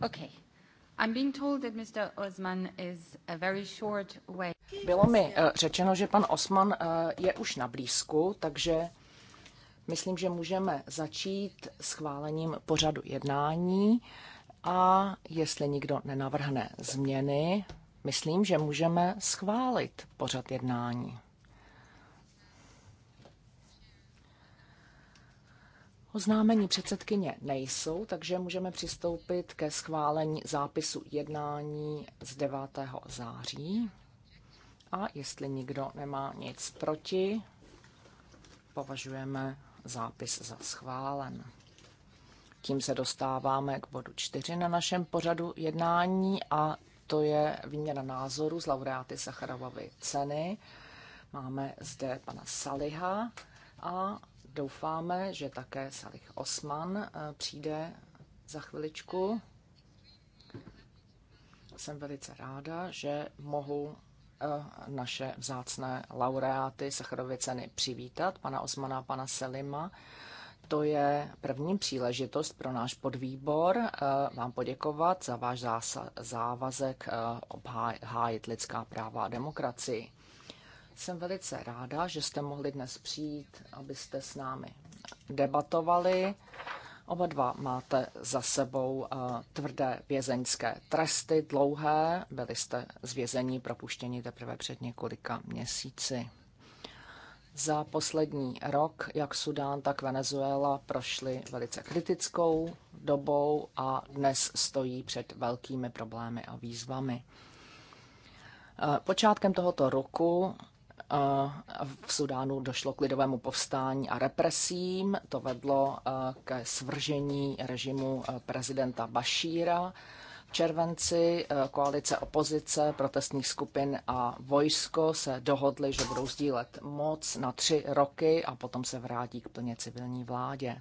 Okay. I'm being told that Mr. Osman is a very short way. Bylo mi eh, řečeno, že pan Osman eh, je už na blízku, takže myslím, že můžeme začít schválením pořadu jednání a jestli nikdo nenavrhne změny, myslím, že můžeme schválit pořad jednání. Oznámení předsedkyně nejsou, takže můžeme přistoupit ke schválení zápisu jednání z 9. září. A jestli nikdo nemá nic proti, považujeme zápis za schválen. Tím se dostáváme k bodu 4 na našem pořadu jednání a to je výměna názoru z laureáty Sacharovovy ceny. Máme zde pana Saliha a Doufáme, že také Salih Osman eh, přijde za chviličku. Jsem velice ráda, že mohu eh, naše vzácné laureáty Sacharovy ceny přivítat, pana Osmana a pana Selima. To je první příležitost pro náš podvýbor eh, vám poděkovat za váš závazek obhájit lidská práva a demokracii. Jsem velice ráda, že jste mohli dnes přijít, abyste s námi debatovali. Oba dva máte za sebou eh, tvrdé vězeňské tresty, dlouhé. Byli jste z vězení propuštěni teprve před několika měsíci. Za poslední rok jak Sudán, tak Venezuela prošly velice kritickou dobou a dnes stojí před velkými problémy a výzvami. Eh, počátkem tohoto roku v Sudánu došlo k lidovému povstání a represím. To vedlo eh, ke svržení režimu eh, prezidenta Bašíra. V červenci eh, koalice opozice, protestních skupin a vojsko se dohodly, že budou sdílet moc na tři roky a potom se vrátí k plně civilní vládě.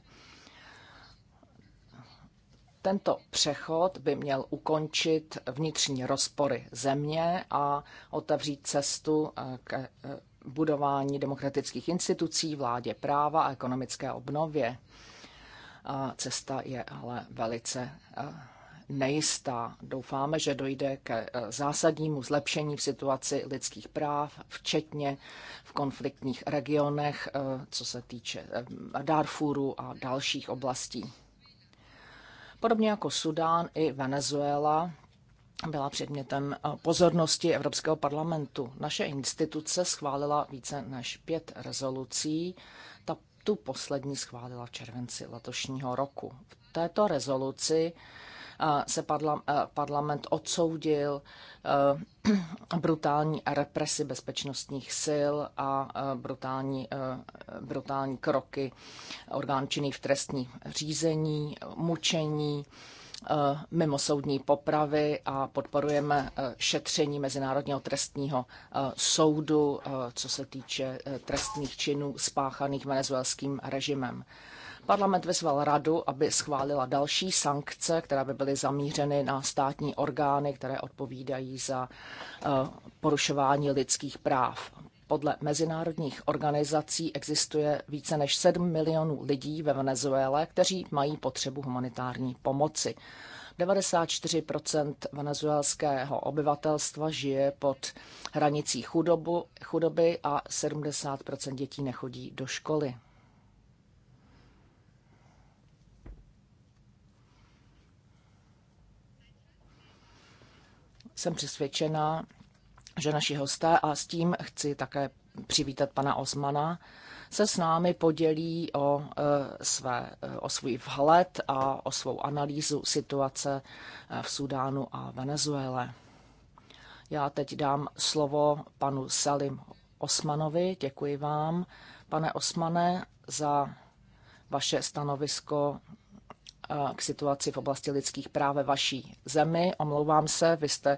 Tento přechod by měl ukončit vnitřní rozpory země a otevřít cestu eh, k eh, budování demokratických institucí, vládě práva a ekonomické obnově. Cesta je ale velice eh, nejistá. Doufáme, že dojde k zásadnímu zlepšení v situaci lidských práv, včetně v konfliktních regionech, co se týče Darfuru a dalších oblastí. Podobně jako Sudán i Venezuela byla předmětem eh, pozornosti Evropského parlamentu. Naše instituce schválila více než pět rezolucí. Ta tu poslední schválila v červenci letošního roku. V této rezoluci Eh, se eh, parlament odsoudil eh, brutální represi bezpečnostních sil a brutální, brutální kroky orgánů činných v trestní řízení, mučení, mimosoudní popravy a podporujeme šetření Mezinárodního trestního soudu, co se týče trestných činů spáchaných venezuelským režimem. Parlament vyzval radu, aby schválila další sankce, které by byly zamířeny na státní orgány, které odpovídají za eh, porušování lidských práv. Podle mezinárodních organizací existuje více než 7 milionů lidí ve Venezuele, kteří mají potřebu humanitární pomoci. 94 venezuelského obyvatelstva žije pod hranicí chudobu, chudoby a 70 dětí nechodí do školy. Jsem přesvědčena, že naši hosté, a s tím chci také přivítat pana Osmana, se s námi podělí o, e, své, e, o svůj vhled a o svou analýzu situace e, v Sudánu a Venezuele. Já teď dám slovo panu Salim Osmanovi. Děkuji vám, pane Osmane, za vaše stanovisko Eh, k situaci v oblasti lidských práv ve vaší zemi. Omlouvám se, vy jste eh,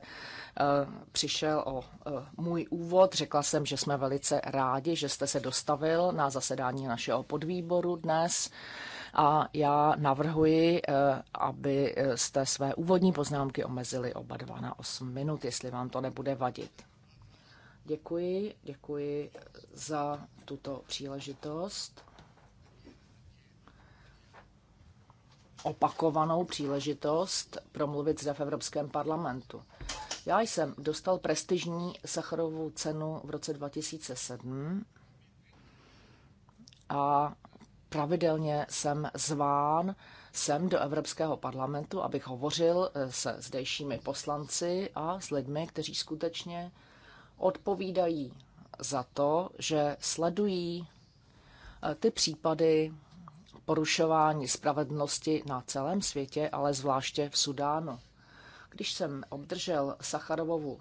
přišel o eh, můj úvod. Řekla jsem, že jsme velice rádi, že jste se dostavil na zasedání našeho podvýboru dnes. A já navrhuji, aby jste své úvodní poznámky omezili oba dva na 8 minut, jestli vám to nebude vadit. Děkuji, děkuji za tuto příležitost. opakovanou příležitost promluvit zde v Evropském parlamentu. Já jsem dostal prestižní Sacharovou cenu v roce 2007 a pravidelně jsem zván sem do Evropského parlamentu, abych hovořil eh, se zdejšími poslanci a s lidmi, kteří skutečně odpovídají za to, že sledují eh, ty případy porušování spravedlnosti na celém světě, ale zvláště v Sudánu. Když jsem obdržel Sacharovovu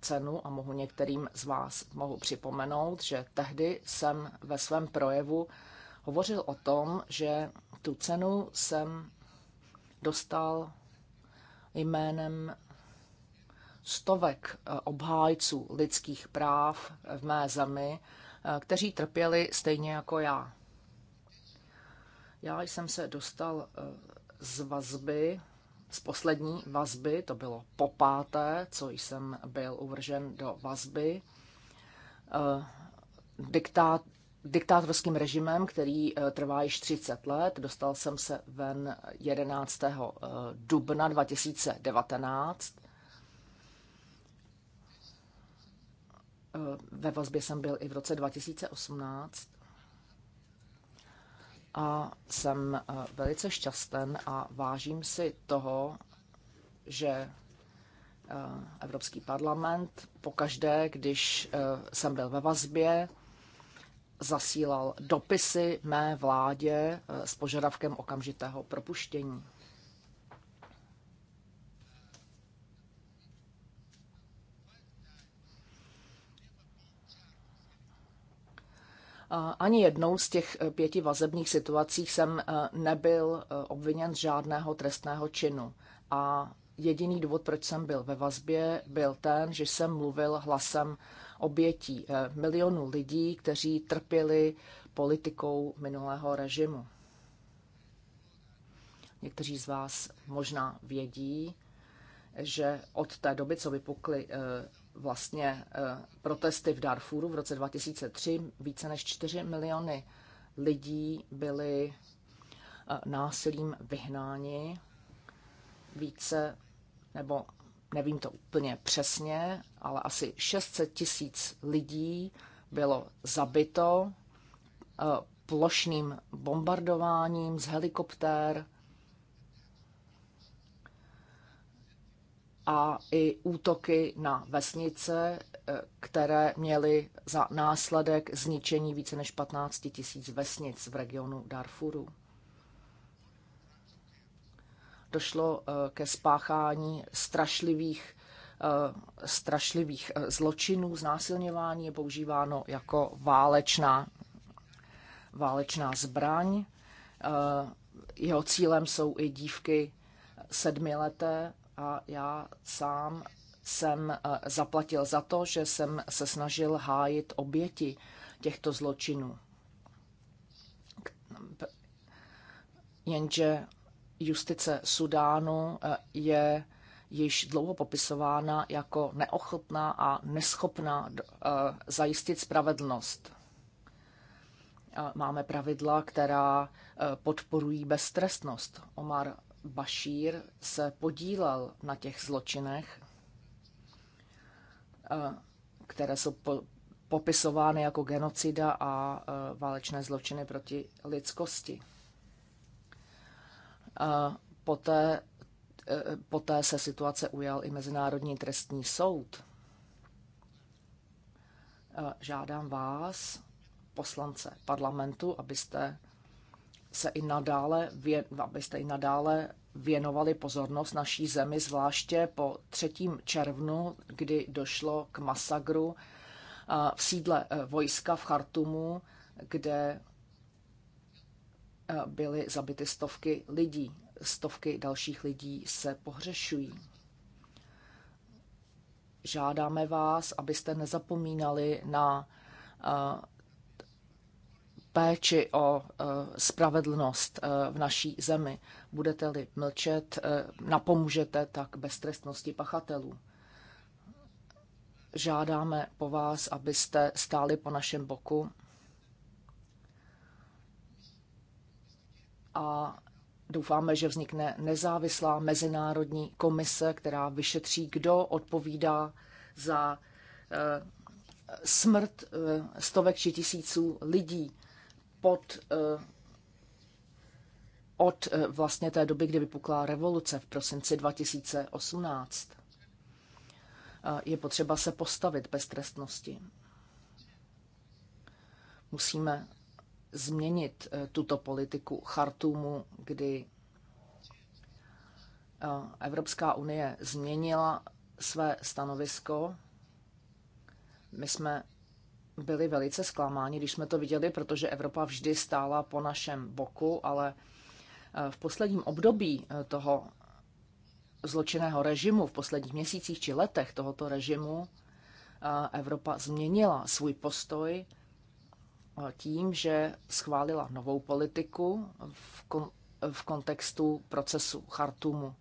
cenu a mohu některým z vás mohu připomenout, že tehdy jsem ve svém projevu hovořil o tom, že tu cenu jsem dostal jménem stovek eh, obhájců lidských práv v mé zemi, eh, kteří trpěli stejně jako já. Já jsem se dostal eh, z vazby, z poslední vazby, to bylo po páté, co jsem byl uvržen do vazby, eh, diktát, diktátorským režimem, který eh, trvá již 30 let. Dostal jsem se ven 11. dubna 2019. Ve vazbě jsem byl i v roce 2018 a jsem eh, velice šťasten a vážím si toho, že eh, Evropský parlament pokaždé, když eh, jsem byl ve vazbě, zasílal dopisy mé vládě s požadavkem okamžitého propuštění. Ani jednou z těch eh, pěti vazebních situací jsem eh, nebyl eh, obviněn z žádného trestného činu. A jediný důvod, proč jsem byl ve vazbě, byl ten, že jsem mluvil hlasem obětí milionů lidí, kteří trpěli politikou minulého režimu. Někteří z vás možná vědí, že od té doby, co vypukly vlastně eh, protesty v Darfuru v roce 2003. Více než 4 miliony lidí byly eh, násilím vyhnáni. Více, nebo nevím to úplně přesně, ale asi 600 tisíc lidí bylo zabito eh, plošným bombardováním z helikoptér a i útoky na vesnice, eh, které měly za následek zničení více než 15 tisíc vesnic v regionu Darfuru. Došlo eh, ke spáchání strašlivých, eh, strašlivých zločinů, znásilňování je používáno jako válečná, válečná zbraň. Jeho cílem jsou i dívky sedmileté a já sám jsem eh, zaplatil za to, že jsem se snažil hájit oběti těchto zločinů. Jenže justice Sudánu eh, je již dlouho popisována jako neochotná a neschopná eh, zajistit spravedlnost. Máme pravidla, která podporují beztrestnost. Omar Bašír se podílel na těch zločinech, eh, které jsou popisovány jako genocida a eh, válečné zločiny proti lidskosti. Eh, poté, poté se situace ujal i Mezinárodní trestní soud. Žádám vás, poslance parlamentu, abyste se i nadále, abyste i nadále věnovali pozornost naší zemi, zvláště po 3. červnu, kdy došlo k masakru eh, v sídle eh, vojska v Chartumu, kde eh, byly zabity stovky lidí. Stovky dalších lidí se pohřešují. Žádáme vás, abyste nezapomínali na péči o eh, spravedlnost eh, v naší zemi. Budete-li mlčet, eh, napomůžete tak beztrestnosti pachatelů. Žádáme po vás, abyste stáli po našem boku a Doufáme, že vznikne nezávislá mezinárodní komise, která vyšetří, kdo odpovídá za smrt stovek či tisíců lidí pod, eh, od eh, vlastně té doby, kdy vypukla revoluce v prosinci 2018. Eh, je potřeba se postavit bez trestnosti. Musíme změnit tuto politiku Chartumu, kdy Evropská unie změnila své stanovisko. My jsme byli velice zklamáni, když jsme to viděli, protože Evropa vždy stála po našem boku, ale e, v posledním období e, toho zločinného režimu, v posledních měsících či letech tohoto režimu, e, Evropa změnila svůj postoj tím, že schválila novou politiku v, kon, v kontextu procesu Chartumu.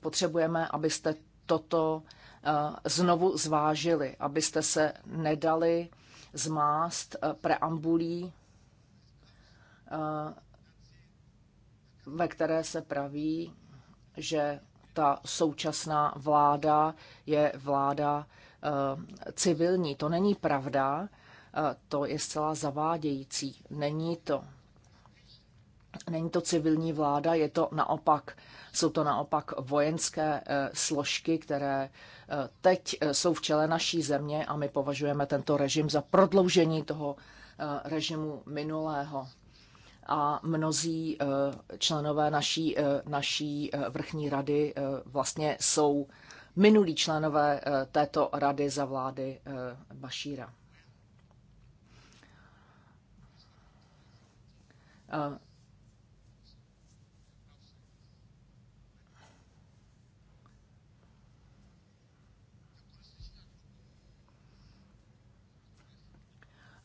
Potřebujeme, abyste toto eh, znovu zvážili, abyste se nedali zmást eh, preambulí, eh, ve které se praví, že ta současná vláda je vláda civilní. To není pravda, to je zcela zavádějící. Není to Není to civilní vláda, je to naopak, jsou to naopak vojenské eh, složky, které eh, teď eh, jsou v čele naší země a my považujeme tento režim za prodloužení toho režimu minulého. A mnozí členové naší, naší vrchní rady vlastně jsou minulí členové této rady za vlády Bašíra.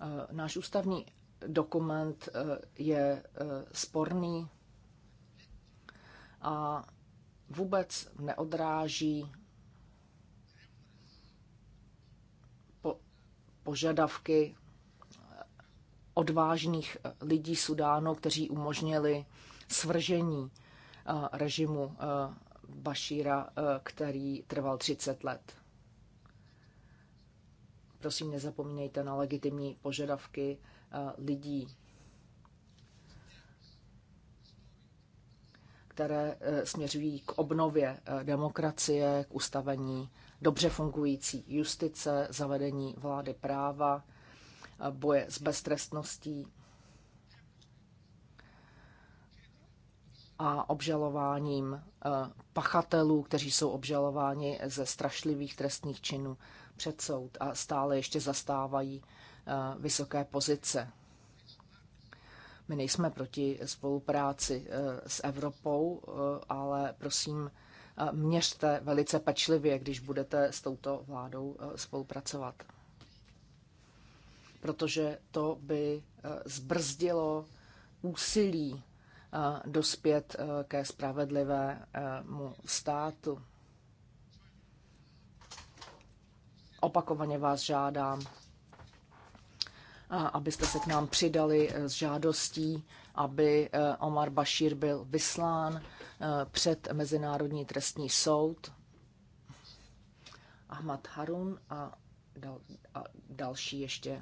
Eh, náš ústavní dokument eh, je eh, sporný a vůbec neodráží požadavky odvážných lidí Sudánu, kteří umožnili svržení režimu Bašíra, který trval 30 let. Prosím, nezapomínejte na legitimní požadavky eh, lidí, které eh, směřují k obnově eh, demokracie, k ustavení dobře fungující justice, zavedení vlády práva, boje s beztrestností a obžalováním pachatelů, kteří jsou obžalováni ze strašlivých trestných činů před soud a stále ještě zastávají eh, vysoké pozice. My nejsme proti spolupráci eh, s Evropou, eh, ale prosím, měřte velice pečlivě, když budete s touto vládou spolupracovat. Protože to by zbrzdilo úsilí dospět ke spravedlivému státu. opakovaně vás žádám, abyste se k nám přidali eh, s žádostí, aby eh, Omar Bashir byl vyslán eh, před Mezinárodní trestní soud. Ahmad Harun a, dal, a další ještě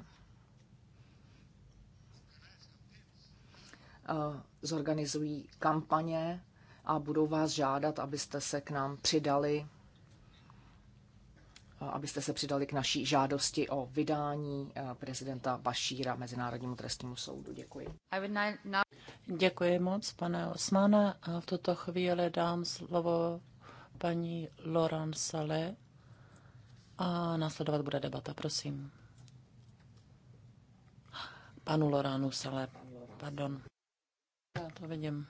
zorganizují kampaně a budou vás žádat, abyste se k nám přidali abyste se přidali k naší žádosti o vydání eh, prezidenta Bašíra Mezinárodnímu trestnímu soudu. Děkuji. Děkuji moc, pane Osmane. A v tuto chvíli dám slovo paní Loran Sale a následovat bude debata, prosím. Panu Loranu Sale, pardon. Já to vidím.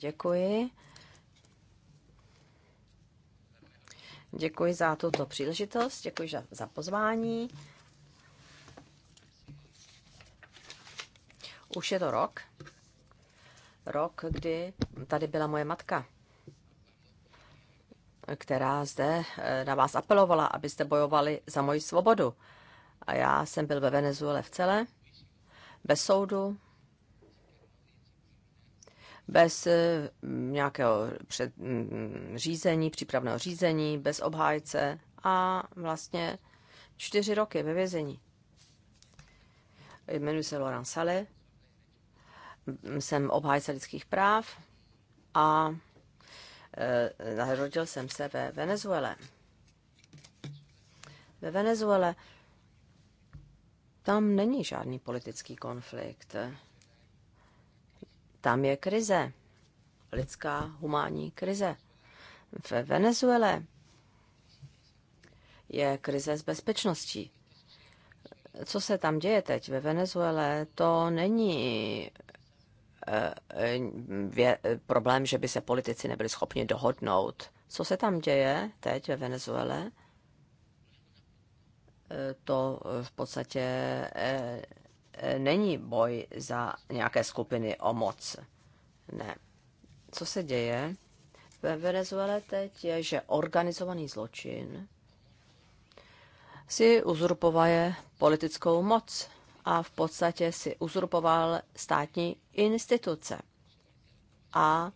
Děkuji. Děkuji za tuto příležitost, děkuji za pozvání. Už je to rok. Rok, kdy tady byla moje matka, která zde eh, na vás apelovala, abyste bojovali za moji svobodu. A já jsem byl ve Venezuele v celé, bez soudu, bez eh, nějakého před, řízení, přípravného řízení, bez obhájce a vlastně čtyři roky ve vězení. Jmenuji se Laurent Sally, jsem obhájce lidských práv a e, narodil jsem se ve Venezuele. Ve Venezuele tam není žádný politický konflikt. Tam je krize, lidská humánní krize. V Venezuele je krize s bezpečností. Co se tam děje teď ve Venezuele, to není eh, vě, problém, že by se politici nebyli schopni dohodnout. Co se tam děje teď ve Venezuele, eh, to v podstatě eh, není boj za nějaké skupiny o moc. Ne. Co se děje ve Venezuele teď je, že organizovaný zločin si uzurpovaje politickou moc a v podstatě si uzurpoval státní instituce. A,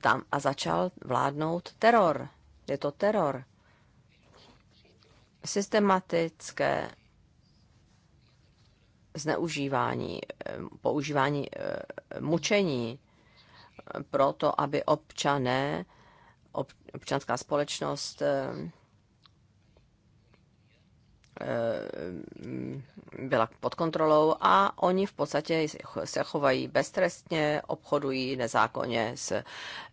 tam, a začal vládnout teror. Je to teror. Systematické zneužívání, eh, používání eh, mučení pro to, aby občané, občanská společnost eh, byla pod kontrolou a oni v podstatě se chovají beztrestně, obchodují nezákonně s,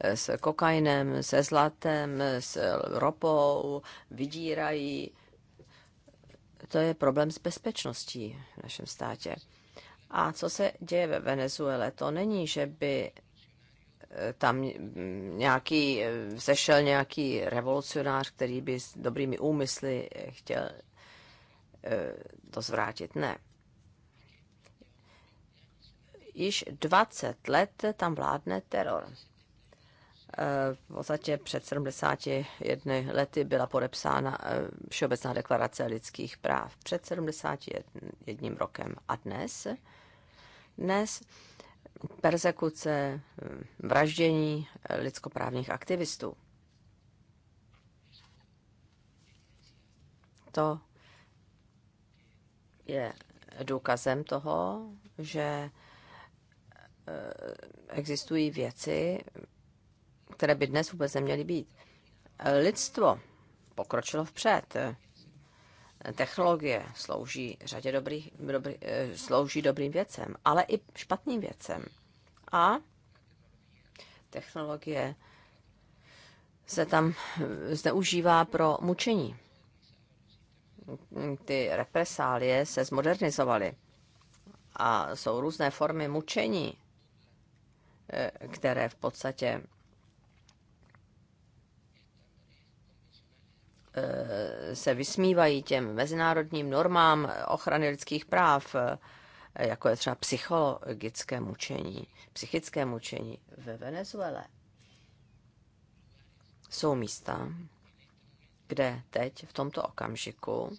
s kokainem, se zlatem, s ropou, vydírají to je problém s bezpečností v našem státě. A co se děje ve Venezuele, to není, že by e, tam nějaký, sešel e, nějaký revolucionář, který by s dobrými úmysly chtěl e, to zvrátit. Ne. Již 20 let tam vládne teror v podstatě před 71 lety byla podepsána eh, Všeobecná deklarace lidských práv. Před 71 rokem a dnes? Dnes persekuce, hm, vraždění eh, lidskoprávních aktivistů. To je důkazem toho, že eh, existují věci, které by dnes vůbec neměly být. Lidstvo pokročilo vpřed. Technologie slouží řadě dobrých, dobrý, eh, slouží dobrým věcem, ale i špatným věcem. A technologie se tam zneužívá pro mučení. Ty represálie se zmodernizovaly a jsou různé formy mučení, eh, které v podstatě Eh, se vysmívají těm mezinárodním normám ochrany lidských práv, eh, jako je třeba psychologické mučení, psychické mučení ve Venezuele. Jsou místa, kde teď v tomto okamžiku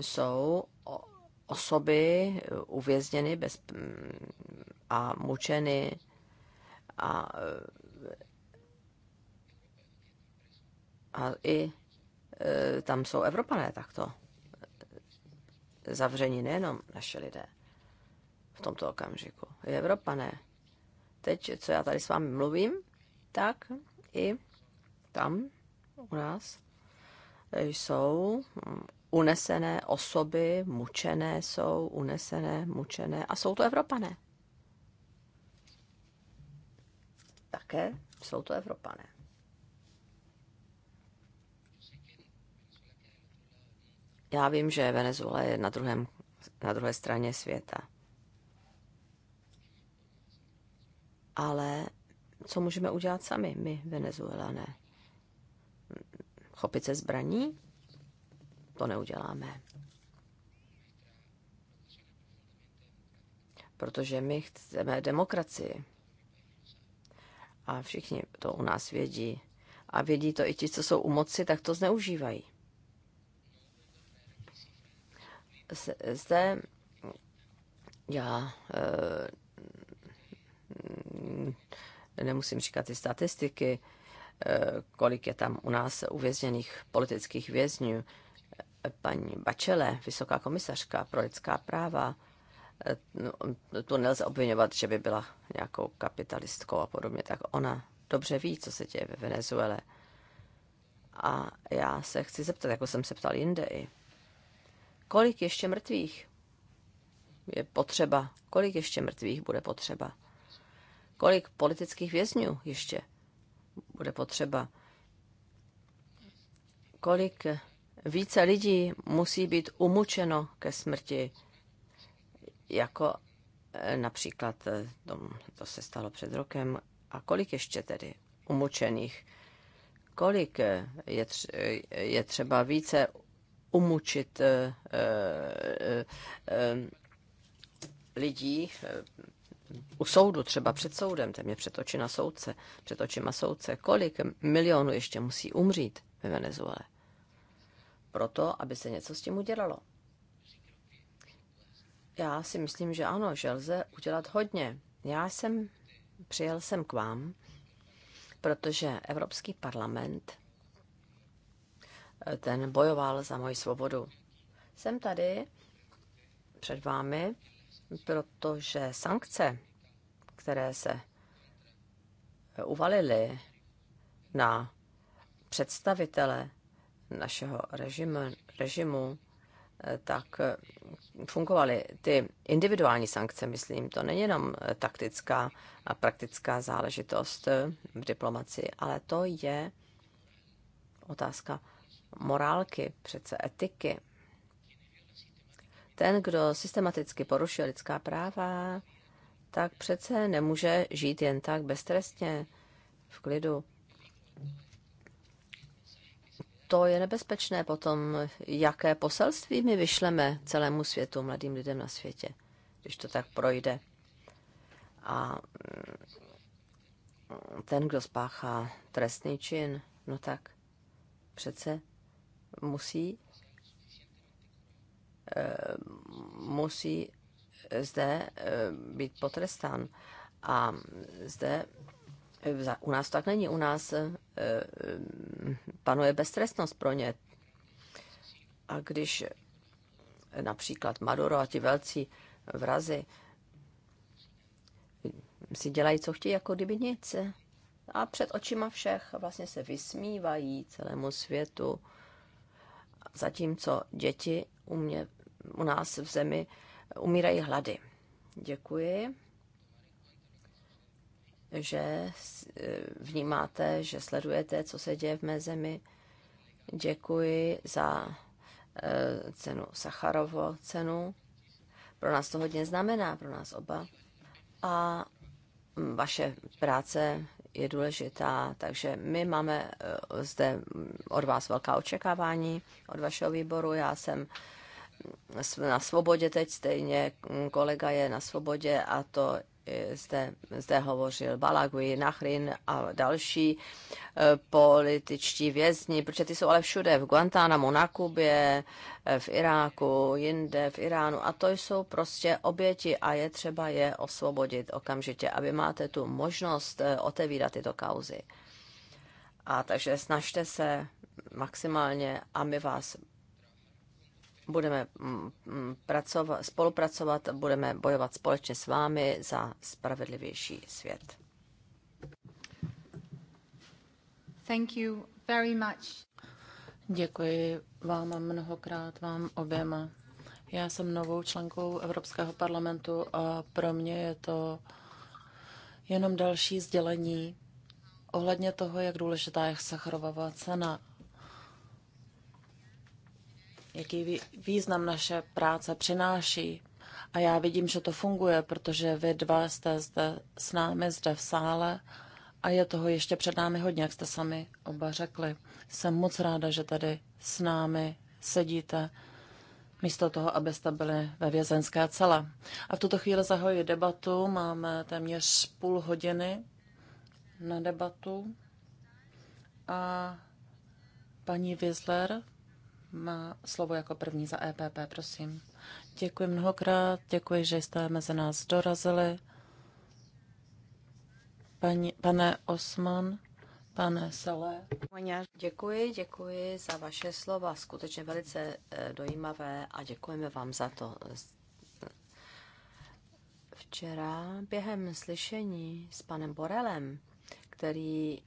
jsou osoby uvězněny bez, mm, a mučeny a eh, A i e, tam jsou Evropané takto zavření, nejenom naše lidé v tomto okamžiku, i Evropané. Teď, co já tady s vámi mluvím, tak i tam u nás jsou unesené osoby, mučené jsou, unesené, mučené a jsou to Evropané. Také jsou to Evropané. Já vím, že Venezuela je na, druhém, na druhé straně světa. Ale co můžeme udělat sami, my, Venezuelané? Chopit se zbraní? To neuděláme. Protože my chceme demokracii. A všichni to u nás vědí. A vědí to i ti, co jsou u moci, tak to zneužívají. zde já eh, nemusím říkat ty statistiky, eh, kolik je tam u nás uvězněných politických vězňů. Paní Bačele, vysoká komisařka pro lidská práva, eh, no, tu nelze obvinovat, že by byla nějakou kapitalistkou a podobně, tak ona dobře ví, co se děje ve Venezuele. A já se chci zeptat, jako jsem se ptal jinde i Kolik ještě mrtvých je potřeba? Kolik ještě mrtvých bude potřeba? Kolik politických vězňů ještě bude potřeba? Kolik více lidí musí být umučeno ke smrti, jako eh, například eh, to, to se stalo před rokem. A kolik ještě tedy umučených? Kolik eh, je, tře- je třeba více umučit eh, eh, eh, lidí u soudu, třeba před soudem, téměř před očima soudce, před očima soudce, kolik milionů ještě musí umřít ve Venezuele. Proto, aby se něco s tím udělalo. Já si myslím, že ano, že lze udělat hodně. Já jsem přijel jsem k vám, protože Evropský parlament ten bojoval za moji svobodu. Jsem tady před vámi, protože sankce, které se uvalily na představitele našeho režimu, režimu tak fungovaly ty individuální sankce, myslím. To není jenom taktická a praktická záležitost v diplomaci, ale to je otázka morálky, přece etiky. Ten, kdo systematicky porušuje lidská práva, tak přece nemůže žít jen tak beztrestně, v klidu. To je nebezpečné potom, jaké poselství my vyšleme celému světu, mladým lidem na světě, když to tak projde. A ten, kdo spáchá trestný čin, no tak přece musí eh, musí zde eh, být potrestán. A zde eh, u nás tak není. U nás panuje beztrestnost pro ně. A když například Maduro a ti velcí vrazy si dělají, co chtějí, jako kdyby nic. A před očima všech vlastně se vysmívají celému světu zatímco děti u, mě, u nás v zemi umírají hlady. Děkuji, že e, vnímáte, že sledujete, co se děje v mé zemi. Děkuji za e, cenu Sacharovo cenu. Pro nás to hodně znamená, pro nás oba. A vaše práce je důležitá, takže my máme eh, zde od vás velká očekávání, od vašeho výboru. Já jsem na svobodě teď stejně, kolega je na svobodě a to zde, zde hovořil Balagui, Nachrin a další eh, političtí vězni, protože ty jsou ale všude, v Guantánamo, na Kubě, eh, v Iráku, jinde, v Iránu a to jsou prostě oběti a je třeba je osvobodit okamžitě, aby máte tu možnost eh, otevírat tyto kauzy. A takže snažte se maximálně a my vás budeme mm, mm, pracovat, spolupracovat, budeme bojovat společně s vámi za spravedlivější svět. Thank you very much. Děkuji vám mnohokrát, vám oběma. Já jsem novou členkou Evropského parlamentu a pro mě je to jenom další sdělení ohledně toho, jak důležitá je Sacharová cena jaký význam naše práce přináší. A já vidím, že to funguje, protože vy dva jste zde s námi, zde v sále a je toho ještě před námi hodně, jak jste sami oba řekli. Jsem moc ráda, že tady s námi sedíte, místo toho, abyste byli ve vězenské cele. A v tuto chvíli zahoji debatu. Máme téměř půl hodiny na debatu. A paní Wiesler má slovo jako první za EPP, prosím. Děkuji mnohokrát, děkuji, že jste mezi nás dorazili. Pani, pane Osman, pane Sale. Děkuji, děkuji za vaše slova, skutečně velice e, dojímavé a děkujeme vám za to. Včera během slyšení s panem Borelem, který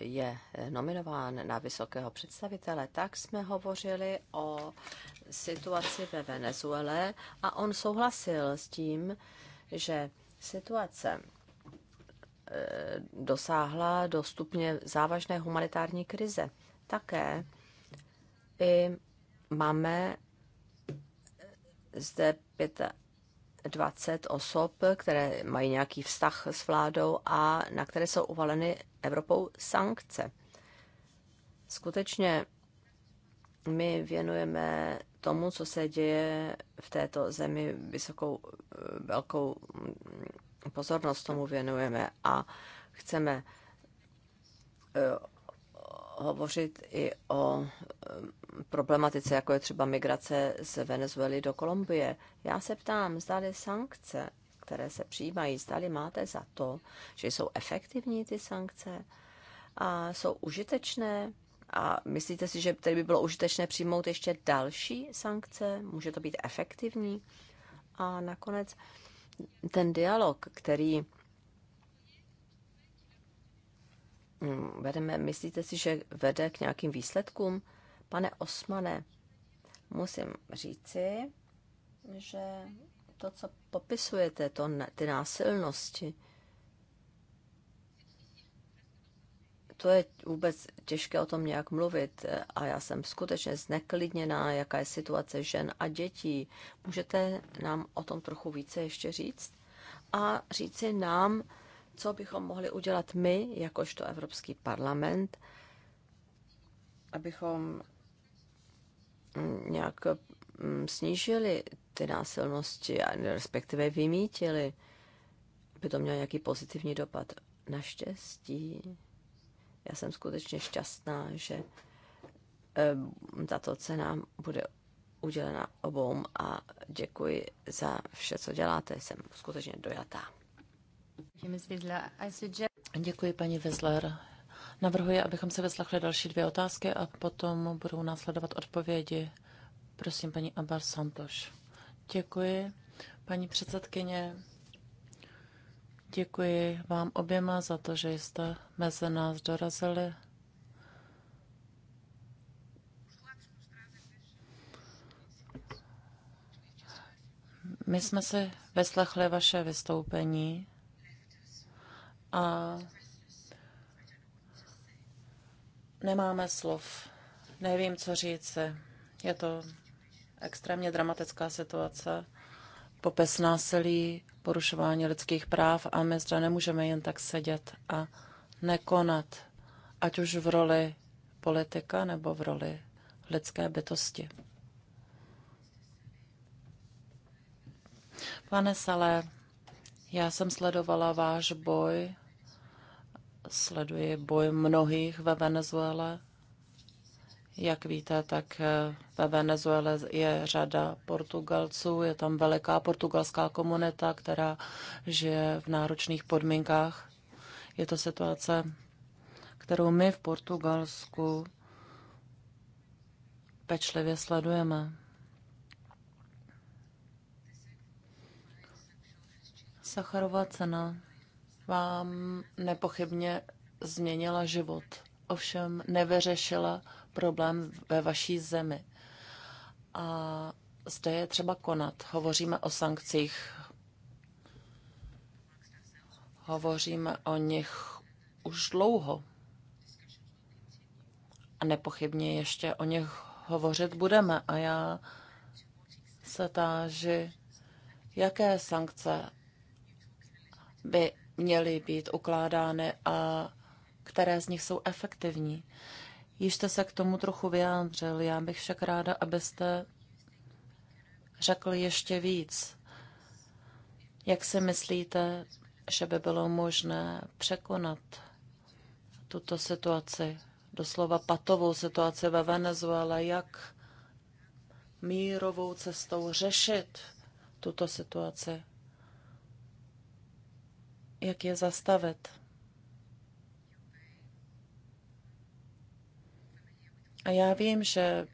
je nominován na vysokého představitele, tak jsme hovořili o situaci ve Venezuele a on souhlasil s tím, že situace eh, dosáhla dostupně závažné humanitární krize. Také i máme zde 20 osob, které mají nějaký vztah s vládou a na které jsou uvaleny Evropou sankce. Skutečně my věnujeme tomu, co se děje v této zemi, vysokou, velkou pozornost tomu věnujeme a chceme eh, hovořit i o problematice, jako je třeba migrace z Venezuely do Kolumbie. Já se ptám, zdali sankce, které se přijímají, zdali máte za to, že jsou efektivní ty sankce a jsou užitečné a myslíte si, že tady by bylo užitečné přijmout ještě další sankce? Může to být efektivní? A nakonec ten dialog, který mm, vedeme, myslíte si, že vede k nějakým výsledkům? Pane Osmane, musím říci, že to, co popisujete, to, ty násilnosti, to je vůbec těžké o tom nějak mluvit a já jsem skutečně zneklidněná, jaká je situace žen a dětí. Můžete nám o tom trochu více ještě říct? A říci nám, co bychom mohli udělat my, jakožto Evropský parlament, abychom Mm, nějak mm, snížili ty násilnosti, respektive vymítili, by to mělo nějaký pozitivní dopad. Naštěstí, já jsem skutečně šťastná, že eh, tato cena bude udělena obou a děkuji za vše, co děláte. Jsem skutečně dojatá. Děkuji, paní Vezler. Navrhuji, abychom se vyslechli další dvě otázky a potom budou následovat odpovědi. Prosím, paní Abar Santoš. Děkuji, paní předsedkyně. Děkuji vám oběma za to, že jste mezi nás dorazili. My jsme si vyslechli vaše vystoupení a Nemáme slov. Nevím, co říct. Je to extrémně dramatická situace. Popes násilí, porušování lidských práv a my zde nemůžeme jen tak sedět a nekonat, ať už v roli politika nebo v roli lidské bytosti. Pane Salé, já jsem sledovala váš boj sleduji boj mnohých ve Venezuele. Jak víte, tak eh, ve Venezuele je řada Portugalců, je tam veliká portugalská komunita, která žije v náročných podmínkách. Je to situace, kterou my v Portugalsku pečlivě sledujeme. Sacharová cena vám nepochybně změnila život, ovšem nevyřešila problém ve vaší zemi. A zde je třeba konat. Hovoříme o sankcích, hovoříme o nich už dlouho. A nepochybně ještě o nich hovořit budeme. A já se táži, jaké sankce by měly být ukládány a které z nich jsou efektivní. Již jste se k tomu trochu vyjádřil, já bych však ráda, abyste řekl ještě víc. Jak si myslíte, že by bylo možné překonat tuto situaci, doslova patovou situaci ve Venezuele, jak mírovou cestou řešit tuto situaci? jak je zastavit. A já vím, že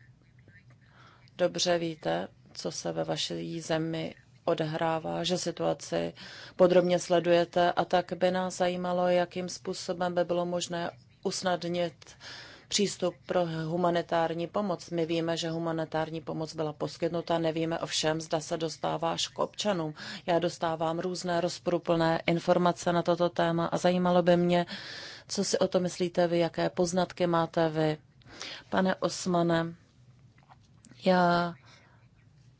dobře víte, co se ve vaší zemi odehrává, že situaci podrobně sledujete a tak by nás zajímalo, jakým způsobem by bylo možné usnadnit uh, přístup pro humanitární pomoc. My víme, že humanitární pomoc byla poskytnuta, nevíme ovšem, zda se dostává k občanům. Já dostávám různé rozporuplné informace na toto téma a zajímalo by mě, co si o to myslíte vy, jaké poznatky máte vy. Pane Osmane, já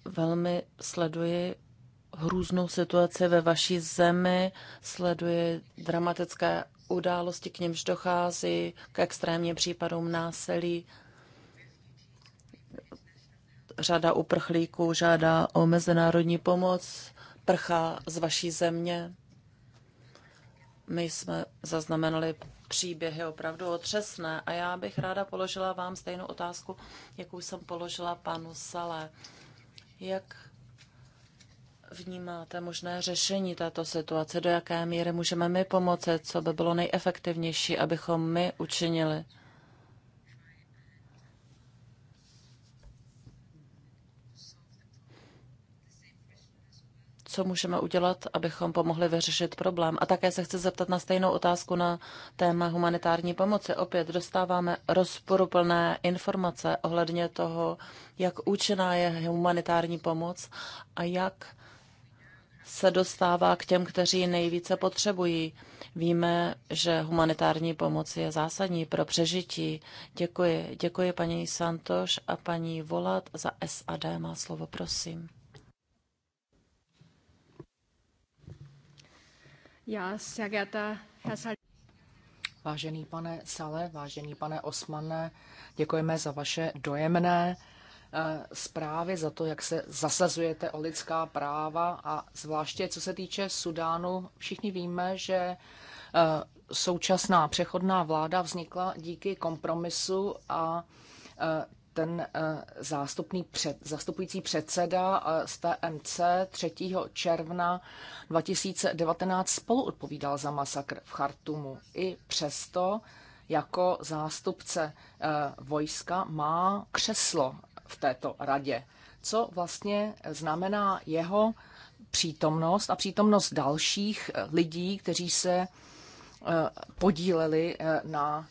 velmi sleduji hrůznou situaci ve vaší zemi, sleduji dramatické události, k němž dochází, k extrémním případům násilí. Řada uprchlíků žádá o mezinárodní pomoc, prchá z vaší země. My jsme zaznamenali příběhy opravdu otřesné a já bych ráda položila vám stejnou otázku, jakou jsem položila panu Sale. Jak vnímáte možné řešení této situace? Do jaké míry můžeme my pomoci? Co by bylo nejefektivnější, abychom my učinili? co můžeme udělat, abychom pomohli vyřešit problém. A také se chci zeptat na stejnou otázku na téma humanitární pomoci. Opět dostáváme rozporuplné informace ohledně toho, jak účinná je humanitární pomoc a jak se dostává k těm, kteří nejvíce potřebují. Víme, že humanitární pomoc je zásadní pro přežití. Děkuji. Děkuji paní Santoš a paní Volat za SAD. Má slovo, prosím. Já, sehr Vážený pane Sale, vážený pane Osmane, děkujeme za vaše dojemné Eh, zprávy, za to, jak se zasazujete o lidská práva a zvláště co se týče Sudánu, všichni víme, že eh, současná přechodná vláda vznikla díky kompromisu a eh, ten zástupný před, zastupující předseda z TMC 3. června 2019 spolu odpovídal za masakr v Chartumu. I přesto jako zástupce vojska má křeslo v této radě. Co vlastně znamená jeho přítomnost a přítomnost dalších eh, lidí, kteří se eh, podíleli eh, na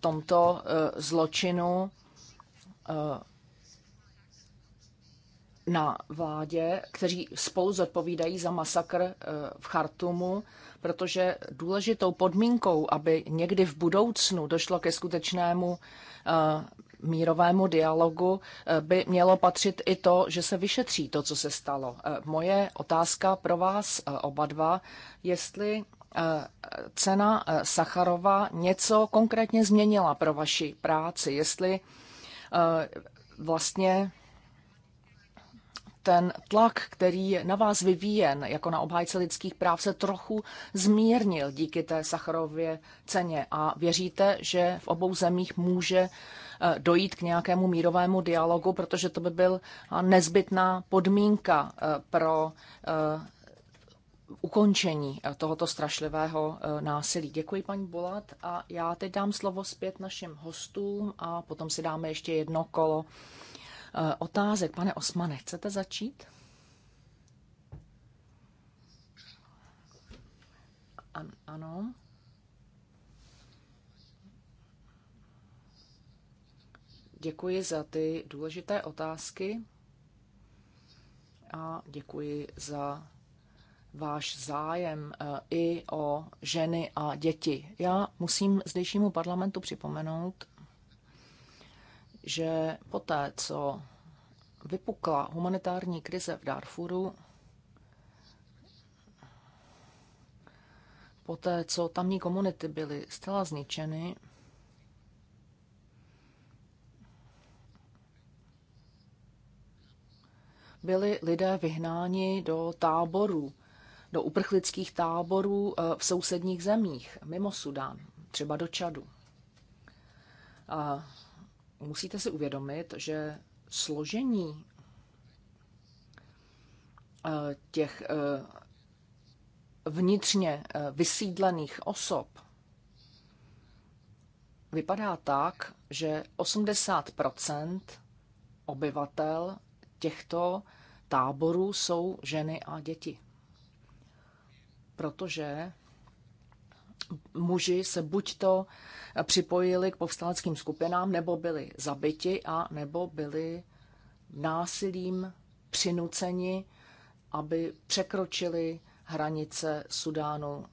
tomto zločinu na vládě, kteří spolu zodpovídají za masakr v Chartumu, protože důležitou podmínkou, aby někdy v budoucnu došlo ke skutečnému mírovému dialogu eh, by mělo patřit i to, že se vyšetří to, co se stalo. Eh, moje otázka pro vás eh, oba dva, jestli cena Sacharova něco konkrétně změnila pro vaši práci, jestli vlastně ten tlak, který je na vás vyvíjen jako na obhájce lidských práv, se trochu zmírnil díky té Sacharově ceně a věříte, že v obou zemích může eh, dojít k nějakému mírovému dialogu, protože to by byl eh, nezbytná podmínka eh, pro ukončení tohoto strašlivého násilí. Děkuji, paní Bulat, a já teď dám slovo zpět našim hostům a potom si dáme ještě jedno kolo Eh, otázek. Pane Osmane, chcete začít? An, ano. Děkuji za ty důležité otázky a děkuji za váš zájem eh, i o ženy a děti. Já musím zdejšímu parlamentu připomenout, že poté, co vypukla humanitární krize v Darfuru, poté, co tamní komunity byly zcela zničeny, byli lidé vyhnáni do táborů, do uprchlických táborů eh, v sousedních zemích, mimo Sudán, třeba do Čadu musíte si uvědomit, že složení eh, těch eh, vnitřně eh, vysídlených osob vypadá tak, že 80 obyvatel těchto táborů jsou ženy a děti. Protože muži se buď to připojili k povstaleckým skupinám, nebo byli zabiti a nebo byli násilím přinuceni, aby překročili hranice Sudánu,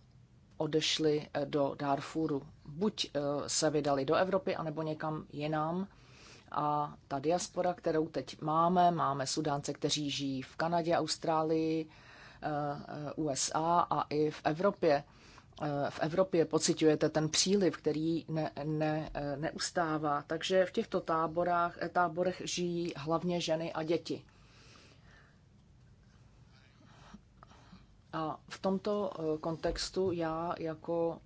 odešli eh, do Darfuru. Buď eh, se vydali do Evropy, anebo někam jinam. A ta diaspora, kterou teď máme, máme Sudánce, kteří žijí v Kanadě, Austrálii, eh, USA a i v Evropě Eh, v Evropě pociťujete ten příliv, který ne, ne, eh, neustává. Takže v těchto táborách, eh, táborech žijí hlavně ženy a děti. A v tomto kontextu já jako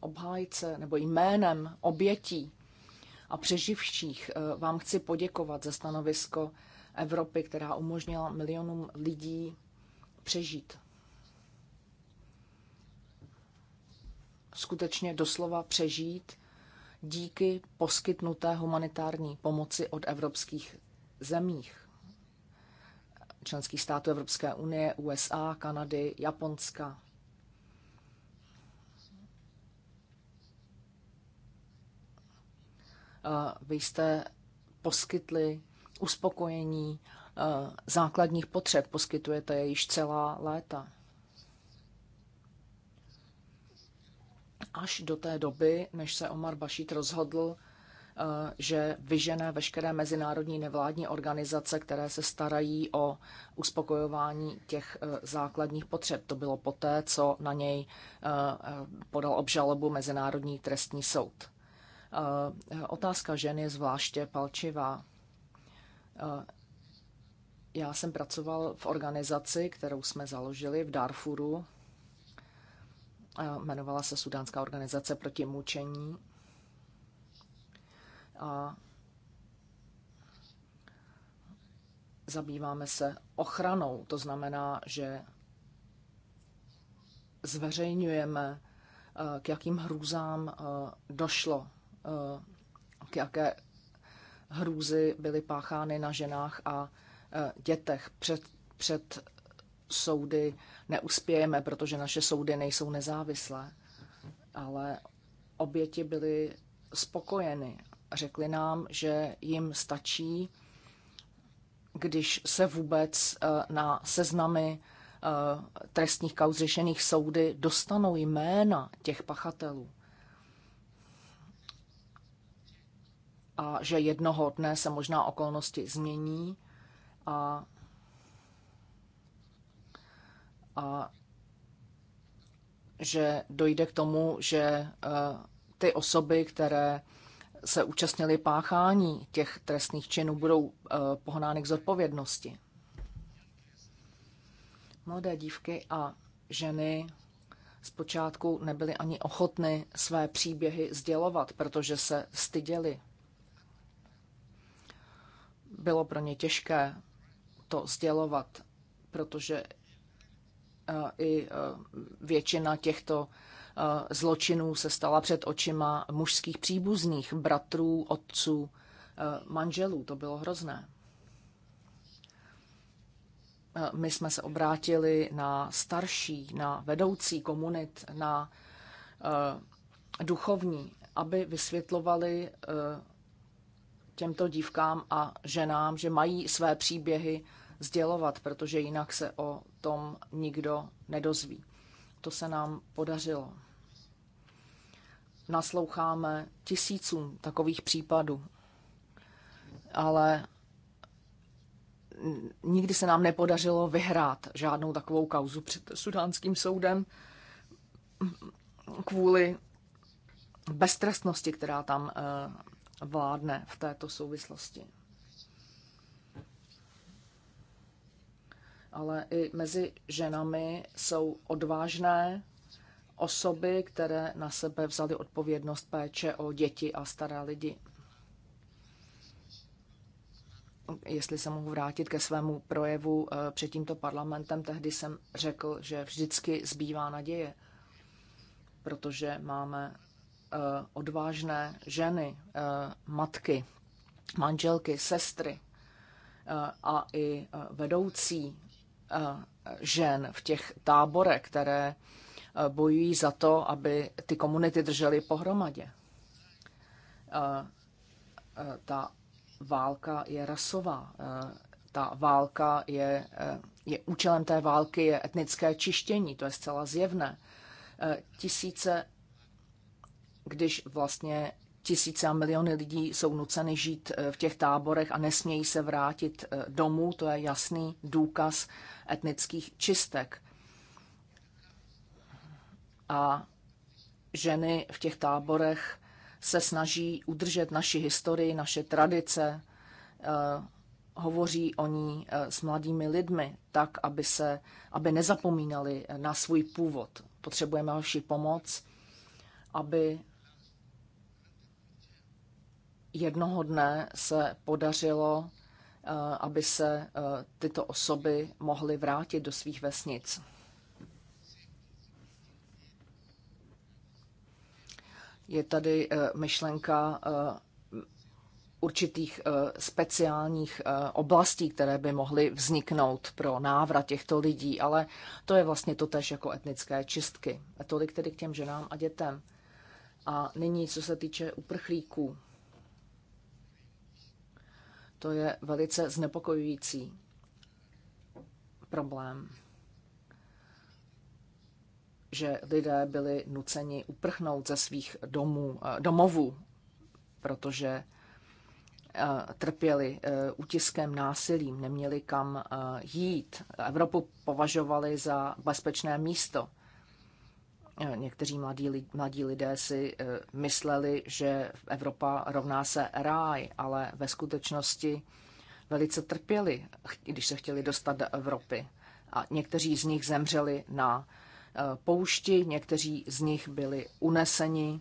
obhájce nebo jménem obětí a přeživších vám chci poděkovat za stanovisko Evropy, která umožnila milionům lidí přežít. skutečně doslova přežít díky poskytnuté humanitární pomoci od evropských zemích, členských států Evropské unie, USA, Kanady, Japonska. Vy jste poskytli uspokojení základních potřeb, poskytujete je již celá léta. až do té doby, než se Omar Bashir rozhodl, eh, že vyžené veškeré mezinárodní nevládní organizace, které se starají o uspokojování těch eh, základních potřeb. To bylo poté, co na něj eh, podal obžalobu Mezinárodní trestní soud. Otázka žen je zvláště palčivá. Já jsem pracoval v organizaci, kterou jsme založili v Darfuru jmenovala se Sudánská organizace proti mučení. A zabýváme se ochranou, to znamená, že zveřejňujeme, eh, k jakým hrůzám eh, došlo, eh, k jaké hrůzy byly páchány na ženách a dětech před, před soudy neuspějeme, protože naše soudy nejsou nezávislé. Ale oběti byly spokojeny. Řekli nám, že jim stačí, když se vůbec eh, na seznamy eh, trestních kauz řešených soudy dostanou jména těch pachatelů. A že jednoho dne se možná okolnosti změní a a že dojde k tomu, že eh, ty osoby, které se účastnili páchání těch trestných činů, budou eh, pohnány k zodpovědnosti. Mladé dívky a ženy zpočátku nebyly ani ochotny své příběhy sdělovat, protože se styděly. Bylo pro ně těžké to sdělovat, protože i e, většina těchto e, zločinů se stala před očima mužských příbuzných, bratrů, otců, e, manželů. To bylo hrozné. My jsme se obrátili na starší, na vedoucí komunit, na duchovní, aby vysvětlovali těmto dívkám a ženám, že mají své příběhy, sdělovat, protože jinak se o tom nikdo nedozví. To se nám podařilo. Nasloucháme tisícům takových případů, ale nikdy se nám nepodařilo vyhrát žádnou takovou kauzu před sudánským soudem kvůli beztrestnosti, která tam eh, vládne v této souvislosti. ale i mezi ženami jsou odvážné osoby, které na sebe vzaly odpovědnost péče o děti a staré lidi. Jestli se mohu vrátit ke svému projevu eh, před tímto parlamentem, tehdy jsem řekl, že vždycky zbývá naděje, protože máme eh, odvážné ženy, eh, matky, manželky, sestry a i vedoucí Eh, žen v těch táborech, které eh, bojují za to, aby ty komunity držely pohromadě. Eh, ta válka je rasová. Ta válka je, je účelem té války je etnické čištění, to je zcela zjevné. Tisíce, když vlastně tisíce a miliony lidí jsou nuceny žít eh, v těch táborech a nesmějí se vrátit eh, domů. To je jasný důkaz etnických čistek. A ženy v těch táborech se snaží udržet naši historii, naše tradice, eh, hovoří o ní s mladými lidmi, tak, aby, se, aby nezapomínali na svůj původ. Potřebujeme vaši pomoc, aby jednoho dne se podařilo, eh, aby se eh, tyto osoby mohly vrátit do svých vesnic. Je tady eh, myšlenka určitých speciálních oblastí, které by mohly vzniknout pro návrat těchto lidí, ale to je vlastně to tež jako etnické čistky. A tolik tedy k těm ženám a dětem. A nyní, co se týče uprchlíků. To je velice znepokojující problém, že lidé byli nuceni uprchnout ze svých domů, eh, domovů, protože eh, trpěli útiskem, eh, násilím, neměli kam jít. Evropu považovali za bezpečné místo někteří mladí, mladí lidé si eh, mysleli, že Evropa rovná se ráj, ale ve skutečnosti velice trpěli, když se chtěli dostat do Evropy. A někteří z nich zemřeli na eh, poušti, někteří z nich byli uneseni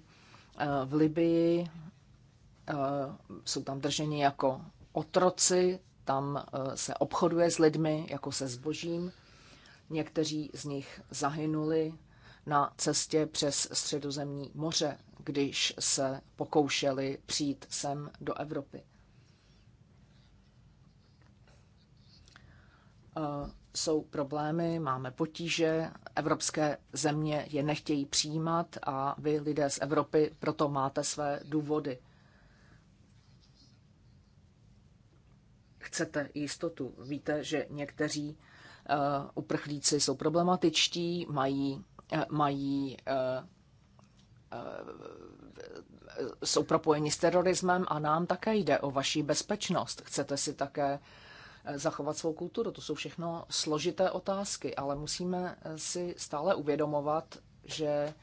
eh, v Libii, jsou tam drženi jako otroci, tam se obchoduje s lidmi jako se zbožím. Někteří z nich zahynuli na cestě přes Středozemní moře, když se pokoušeli přijít sem do Evropy. Eh, jsou problémy, máme potíže, evropské země je nechtějí přijímat a vy, lidé z Evropy, proto máte své důvody. Chcete jistotu. Víte, že někteří eh, uprchlíci jsou problematičtí, mají Eh, mají eh, eh, jsou propojeni s terorismem a nám také jde o vaši bezpečnost. Chcete si také zachovat svou kulturu. To jsou všechno složité otázky, ale musíme si stále uvědomovat, že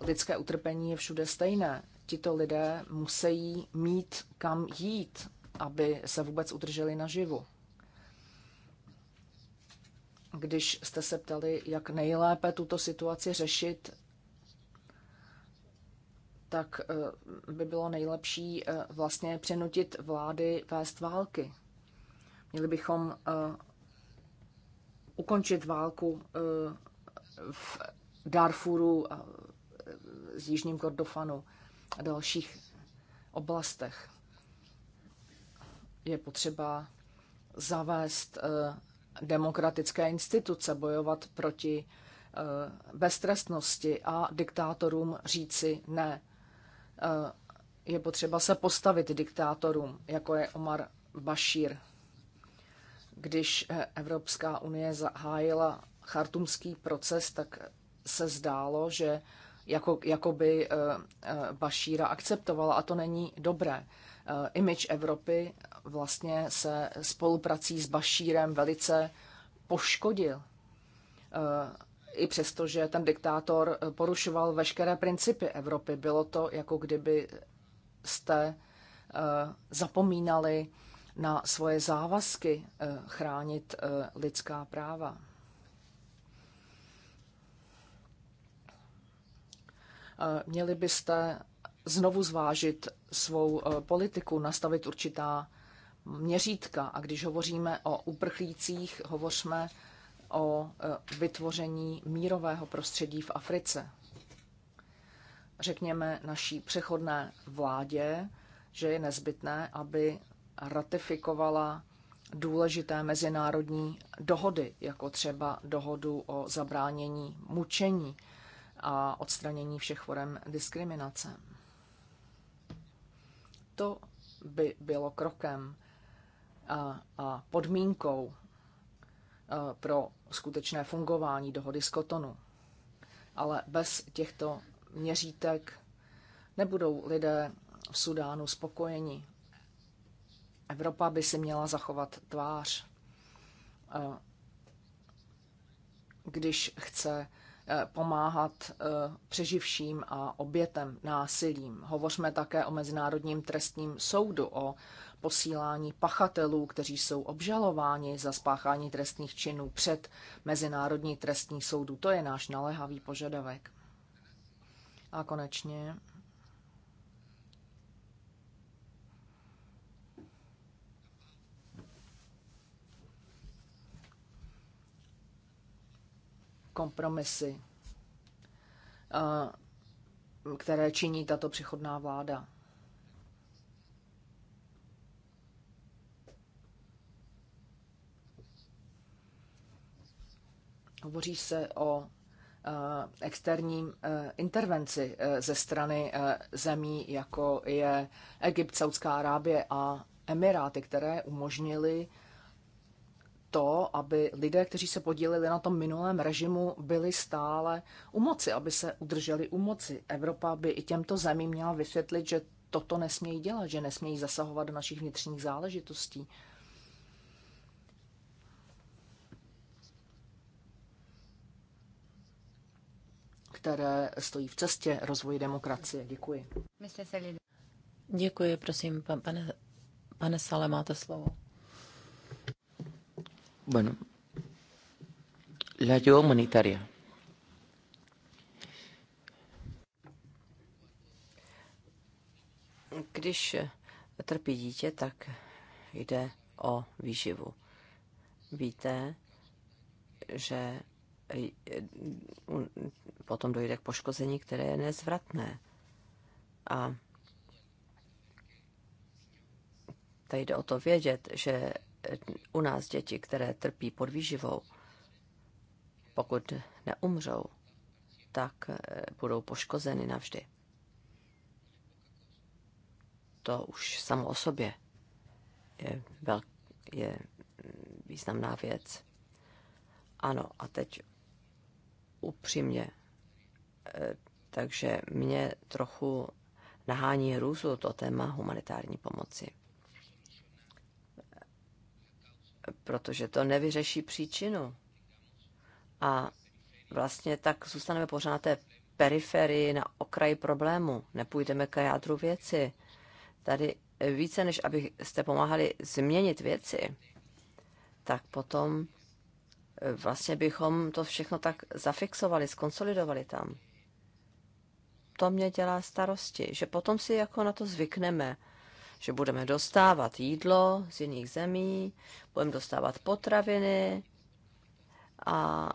lidské utrpení je všude stejné. Tito lidé musí mít kam jít, aby se vůbec udrželi naživu když jste se ptali, jak nejlépe tuto situaci řešit, tak eh, by bylo nejlepší eh, vlastně přenutit vlády vést války. Měli bychom eh, ukončit válku v Darfuru a s Jižním Kordofanu a dalších oblastech. Je potřeba zavést demokratické instituce, bojovat proti eh, beztrestnosti a diktátorům říci ne. Eh, je potřeba se postavit diktátorům, jako je Omar Bashir. Když eh, Evropská unie zahájila chartumský proces, tak se zdálo, že jako, jako by Bashira akceptovala a to není dobré. Eh, image Evropy vlastně se spoluprací s Bašírem velice poškodil. Eh, I přesto, že ten diktátor eh, porušoval veškeré principy Evropy, bylo to jako kdyby jste zapomínali na svoje závazky chránit lidská práva. Měli byste znovu zvážit svou eh, politiku, nastavit určitá měřítka. A když hovoříme o uprchlících, hovořme o eh, vytvoření mírového prostředí v Africe. Řekněme naší přechodné vládě, že je nezbytné, aby ratifikovala důležité mezinárodní dohody, jako třeba dohodu o zabránění mučení a odstranění všech forem diskriminace to by bylo krokem a, a podmínkou pro skutečné fungování dohody z Kotonu. Ale bez těchto měřítek nebudou lidé v Sudánu spokojeni. Evropa by si měla zachovat tvář, když chce Eh, pomáhat eh, přeživším a obětem násilím. Hovořme také o Mezinárodním trestním soudu, o posílání pachatelů, kteří jsou obžalováni za spáchání trestných činů před Mezinárodní trestní soudu. To je náš naléhavý požadavek. A konečně kompromisy, které činí tato přechodná vláda. Hovoří se o externí intervenci ze strany zemí, jako je Egypt, Saudská Arábie a Emiráty, které umožnily to, aby lidé, kteří se podíleli na tom minulém režimu, byli stále u moci, aby se udrželi u moci. Evropa by i těmto zemím měla vysvětlit, že toto nesmějí dělat, že nesmějí zasahovat do našich vnitřních záležitostí. které stojí v cestě rozvoji demokracie. Děkuji. Děkuji, prosím, pane, pane Sale, máte slovo. Bueno, la ayuda humanitaria. Když trpí dítě, tak jde o výživu. Víte, že potom dojde k poškození, které je nezvratné. A tady jde o to vědět, že u nás děti, které trpí podvýživou, pokud neumřou, tak eh, budou poškozeny navždy. To už samo o sobě je, vel, je významná věc. Ano, a teď upřímně. Eh, takže mě trochu nahání hrůzu to téma humanitární pomoci protože to nevyřeší příčinu. A vlastně tak zůstaneme pořád na té periferii, na okraji problému. Nepůjdeme k jádru věci. Tady více, než abyste pomáhali změnit věci, tak potom eh, vlastně bychom to všechno tak zafixovali, skonsolidovali tam. To mě dělá starosti, že potom si jako na to zvykneme že budeme dostávat jídlo z jiných zemí, budeme dostávat potraviny a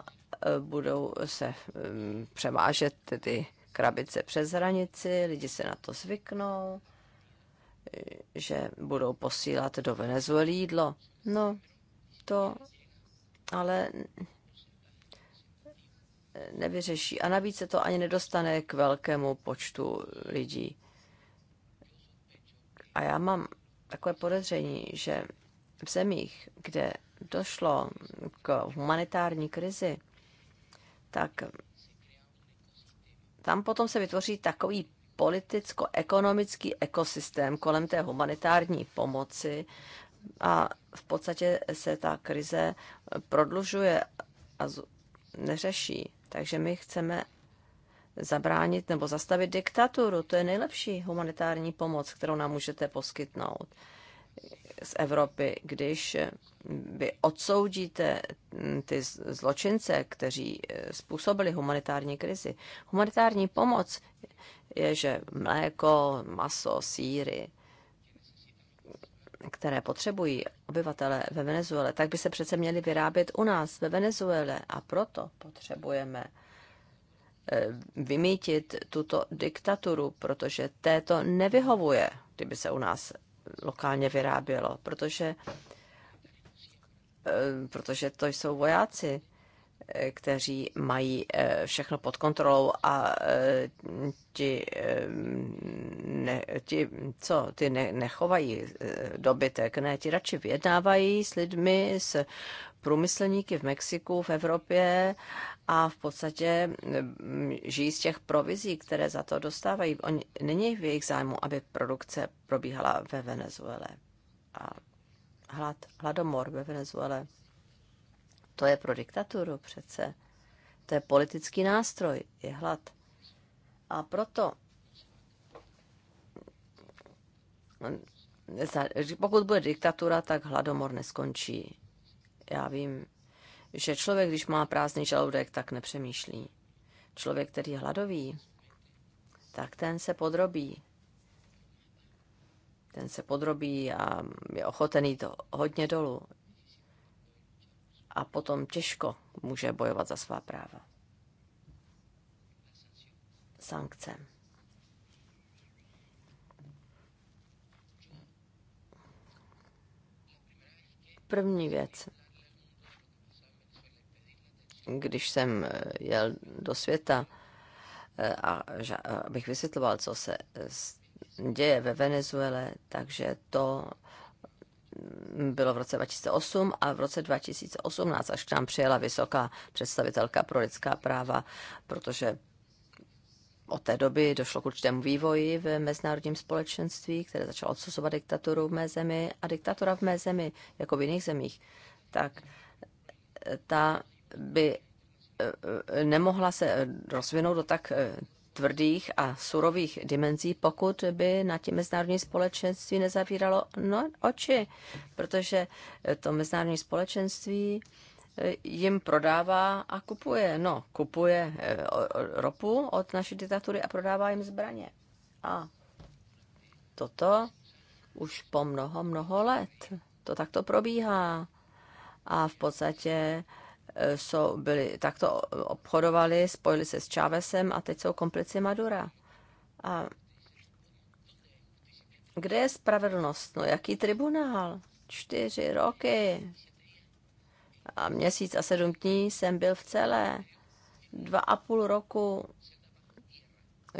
e, budou se mm, převážet tedy krabice přes hranici, lidi se na to zvyknou, e, že budou posílat do Venezuely jídlo. No, to ale nevyřeší. A navíc se to ani nedostane k velkému počtu lidí. A já mám takové podezření, že v zemích, kde došlo k humanitární krizi, tak tam potom se vytvoří takový politicko-ekonomický ekosystém kolem té humanitární pomoci a v podstatě se ta krize prodlužuje a neřeší. Takže my chceme, zabránit nebo zastavit diktaturu. To je nejlepší humanitární pomoc, kterou nám můžete poskytnout z Evropy, když vy odsoudíte ty zločince, kteří způsobili humanitární krizi. Humanitární pomoc je, že mléko, maso, síry, které potřebují obyvatele ve Venezuele, tak by se přece měly vyrábět u nás ve Venezuele a proto potřebujeme Eh, vymítit tuto diktaturu, protože této nevyhovuje, kdyby se u nás lokálně vyrábělo, protože, eh, protože to jsou vojáci, kteří mají eh, všechno pod kontrolou a eh, ti, eh, ne, ti co, ty ne, nechovají dobytek, ne, ti radši vyjednávají s lidmi, s průmyslníky v Mexiku, v Evropě a v podstatě mm, žijí z těch provizí, které za to dostávají. Oni, není v jejich zájmu, aby produkce probíhala ve Venezuele. A hlad, hladomor ve Venezuele to je pro diktaturu přece. To je politický nástroj, je hlad. A proto, pokud bude diktatura, tak hladomor neskončí. Já vím, že člověk, když má prázdný žaludek, tak nepřemýšlí. Člověk, který je hladový, tak ten se podrobí. Ten se podrobí a je ochotený to hodně dolů a potom těžko může bojovat za svá práva. Sankce. První věc. Když jsem eh, jel do světa, eh, a eh, abych vysvětloval, co se děje ve Venezuele, takže to bylo v roce 2008 a v roce 2018, až k nám přijela vysoká představitelka pro lidská práva, protože od té doby došlo k určitému vývoji v mezinárodním společenství, které začalo odsuzovat diktaturu v mé zemi a diktatura v mé zemi, jako v jiných zemích, tak eh, ta by eh, eh, nemohla se rozvinout do tak tvrdých a surových dimenzí, pokud by na tím mezinárodní společenství nezavíralo no, oči, protože to mezinárodní společenství eh, jim prodává a kupuje. No, kupuje eh, ropu od naší diktatury a prodává jim zbraně. A toto už po mnoho, mnoho let. To takto probíhá. A v podstatě Eh, jsou, byli, takto obchodovali, spojili se s Chávesem a teď jsou komplici Madura. A kde je spravedlnost? No jaký tribunál? Čtyři roky. A měsíc a sedm dní jsem byl v celé. Dva a půl roku.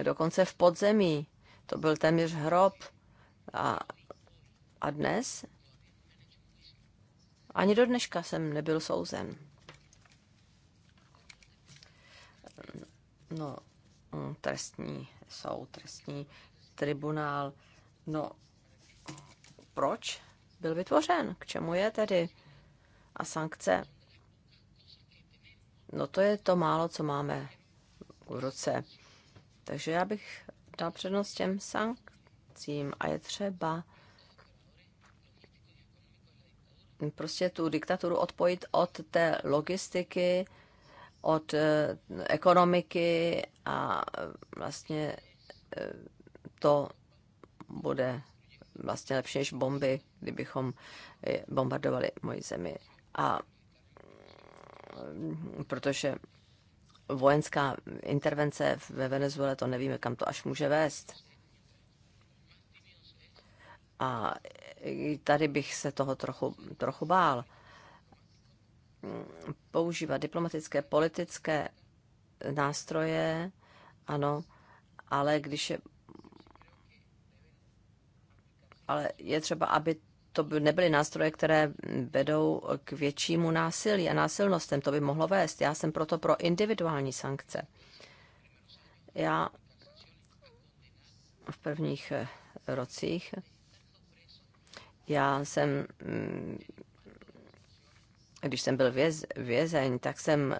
Dokonce v podzemí. To byl téměř hrob. A, a dnes? Ani do dneška jsem nebyl souzen no, mm, trestní soud, trestní tribunál. No, proč byl vytvořen? K čemu je tedy? A sankce? No to je to málo, co máme v ruce. Takže já bych dal přednost těm sankcím a je třeba prostě tu diktaturu odpojit od té logistiky, od eh, ekonomiky a eh, vlastně eh, to bude vlastně lepší než bomby, kdybychom bombardovali moji zemi. A mm, protože vojenská intervence ve Venezuele, to nevíme, kam to až může vést. A tady bych se toho trochu, trochu bál používat diplomatické, politické nástroje, ano, ale když je, ale je třeba, aby to by nebyly nástroje, které vedou k většímu násilí a násilnostem. To by mohlo vést. Já jsem proto pro individuální sankce. Já v prvních eh, rocích já jsem mm, když jsem byl věz, vězeň, tak jsem eh,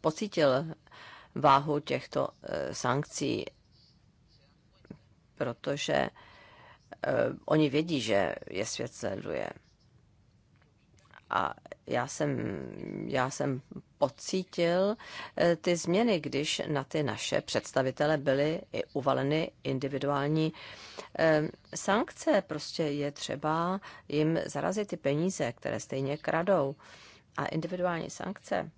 pocítil váhu těchto eh, sankcí, protože eh, oni vědí, že je svět sleduje. A já jsem, já jsem pocítil eh, ty změny, když na ty naše představitele byly i uvaleny individuální eh, sankce. Prostě je třeba jim zarazit ty peníze, které stejně kradou. A individuální sankce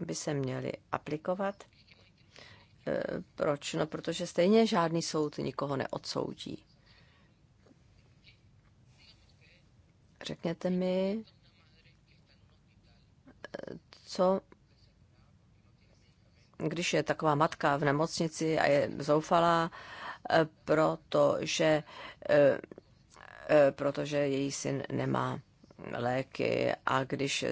by se měly aplikovat. Eh, proč? No, protože stejně žádný soud nikoho neodsoudí. Řekněte mi, co když je taková matka v nemocnici a je zoufalá, eh, protože, eh, eh, protože její syn nemá léky a když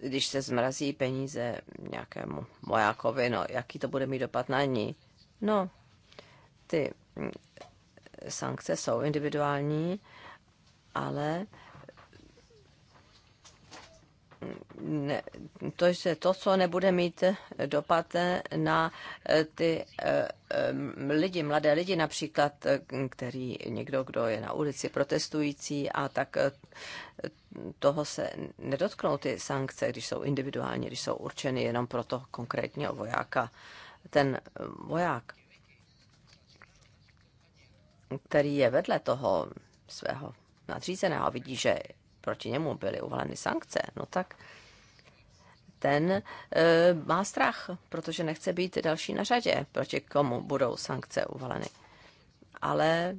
když se zmrazí peníze nějakému mojákovi, no, jaký to bude mít dopad na ní? No, ty mm, sankce jsou individuální, ale ne, to je to, co nebude mít dopad na eh, ty eh, eh, lidi, mladé lidi například, který někdo, kdo je na ulici protestující a tak toho se nedotknou ty sankce, když jsou individuální, když jsou určeny jenom pro toho konkrétního vojáka. Ten voják, který je vedle toho svého nadřízeného a vidí, že proti němu byly uvaleny sankce, no tak ten e, má strach, protože nechce být další na řadě, proti komu budou sankce uvaleny. Ale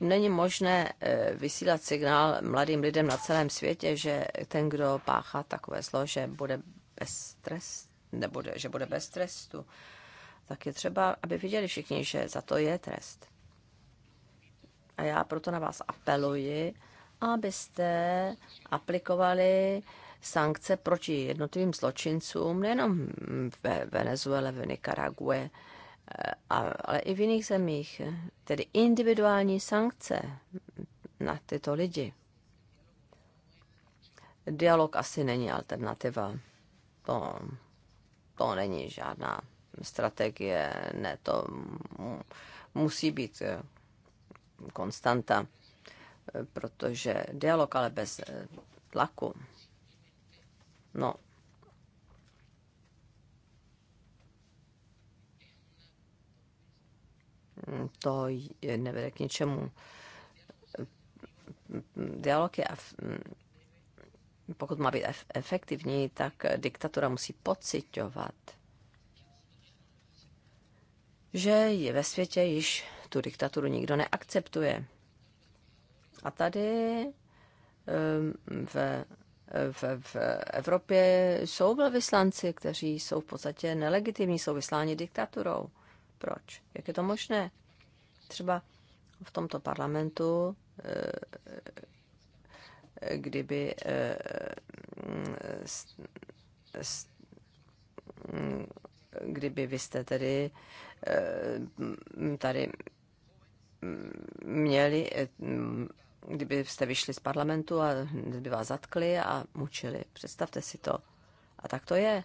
není možné e, vysílat signál mladým lidem na celém světě, že ten, kdo páchá takové zlo, že bude bez trest, nebude, že bude bez trestu, tak je třeba, aby viděli všichni, že za to je trest. A já proto na vás apeluji, abyste aplikovali sankce proti jednotlivým zločincům, nejenom ve Venezuele, v Nikarague, eh, ale i v jiných zemích, tedy individuální sankce na tyto lidi. Dialog asi není alternativa. To, to není žádná strategie, ne, to musí být eh, konstanta protože dialog ale bez eh, tlaku, no, to nevede k ničemu. Dialog je, pokud má být efektivní, tak diktatura musí pocitovat, že je ve světě již tu diktaturu nikdo neakceptuje. A tady ehm, v, v, v Evropě jsou vyslanci, kteří jsou v podstatě nelegitimní, jsou vysláni diktaturou. Proč? Jak je to možné? Třeba v tomto parlamentu, eh, kdyby eh, kdyby vy jste tedy eh, tady měli kdybyste vyšli z parlamentu a by vás zatkli a mučili. Představte si to. A tak to je.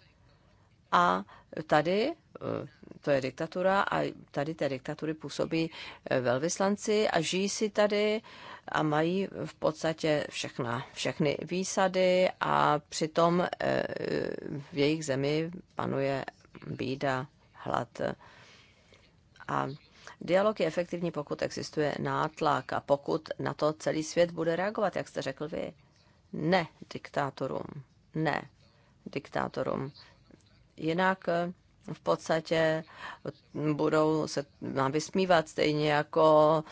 A tady, eh, to je diktatura, a tady té diktatury působí eh, velvyslanci a žijí si tady a mají v podstatě všechna, všechny výsady a přitom eh, v jejich zemi panuje bída, hlad. A Dialog je efektivní, pokud existuje nátlak a pokud na to celý svět bude reagovat, jak jste řekl vy. Ne diktátorům. Ne diktátorům. Jinak eh, v podstatě budou se nám vysmívat stejně jako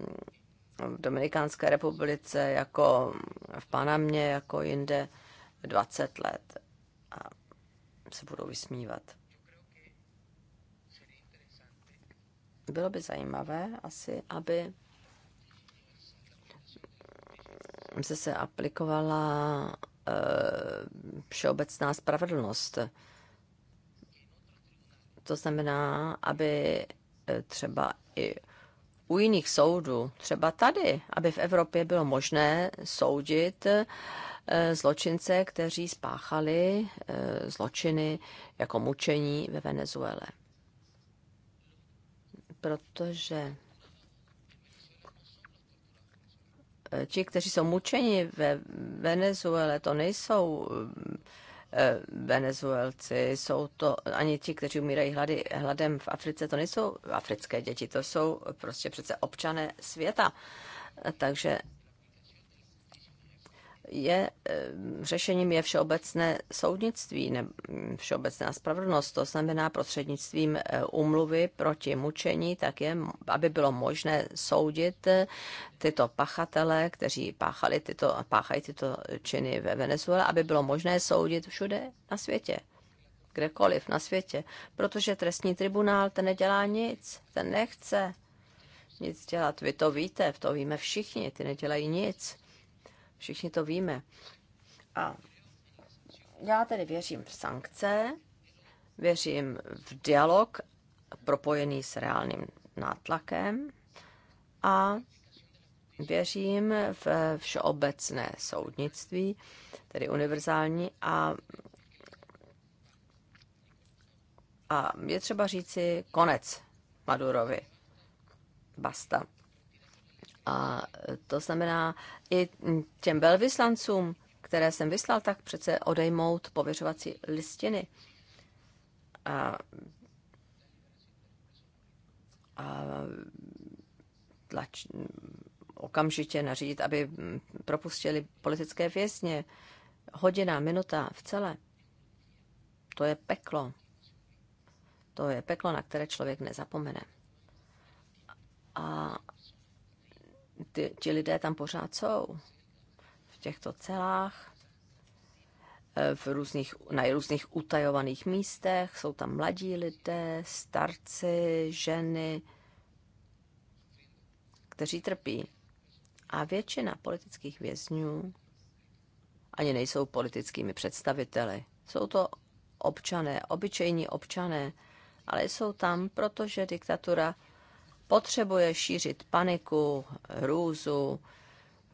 mm, v Dominikánské republice, jako v Panamě, jako jinde 20 let a se budou vysmívat. Bylo by zajímavé asi, aby se se aplikovala eh, všeobecná spravedlnost. To znamená, aby eh, třeba i u jiných soudů, třeba tady, aby v Evropě bylo možné soudit eh, zločince, kteří spáchali zločiny jako mučení ve Venezuele protože ti, kteří jsou mučeni ve Venezuele, to nejsou eh, Venezuelci, jsou to ani ti, kteří umírají hlady, hladem v Africe, to nejsou africké děti, to jsou prostě přece občané světa. Takže je, eh, řešením je všeobecné soudnictví, ne, všeobecná spravedlnost, to znamená prostřednictvím umluvy eh, proti mučení, tak je, aby bylo možné soudit eh, tyto pachatele, kteří páchali tyto, páchají tyto činy ve Venezuele, aby bylo možné soudit všude na světě kdekoliv na světě, protože trestní tribunál ten nedělá nic, ten nechce nic dělat. Vy to víte, to víme všichni, ty nedělají nic Všichni to víme. A já tedy věřím v sankce, věřím v dialog propojený s reálným nátlakem a věřím v všeobecné soudnictví, tedy univerzální a a je třeba říci konec Madurovi. Basta. A to znamená, i těm velvyslancům, které jsem vyslal, tak přece odejmout pověřovací listiny. A, a tlač, okamžitě nařídit, aby propustili politické vězně. Hodina, minuta v celé. To je peklo. To je peklo, na které člověk nezapomene. A ty, ti lidé tam pořád jsou. V těchto celách, eh, v různých, na různých utajovaných místech, jsou tam mladí lidé, starci, ženy, kteří trpí. A většina politických vězňů ani nejsou politickými představiteli. Jsou to občané, obyčejní občané, ale jsou tam, protože diktatura potřebuje šířit paniku, hrůzu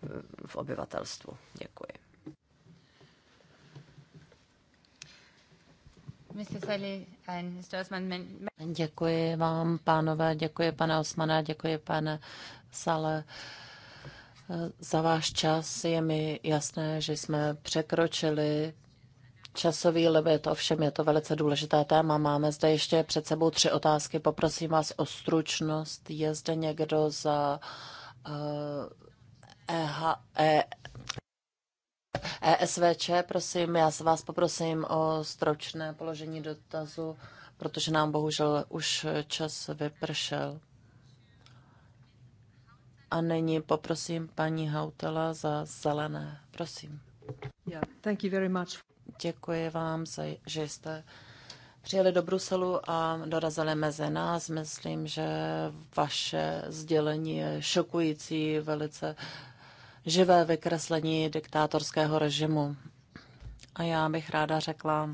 eh, v obyvatelstvu. Děkuji. Děkuji vám, pánové, děkuji pane Osmana, děkuji pane Sale eh, za váš čas. Je mi jasné, že jsme překročili časový limit, ovšem je to velice důležité téma. Máme zde ještě před sebou tři otázky. Poprosím vás o stručnost. Je zde někdo za uh, EH, e, ESVČ, prosím, já se vás poprosím o stročné položení dotazu, protože nám bohužel už čas vypršel. A nyní poprosím paní Hautela za zelené. Prosím. Yeah, thank you very much. Děkuji vám, že jste přijeli do Bruselu a dorazili mezi nás. Myslím, že vaše sdělení je šokující, velice živé vykreslení diktátorského režimu. A já bych ráda řekla,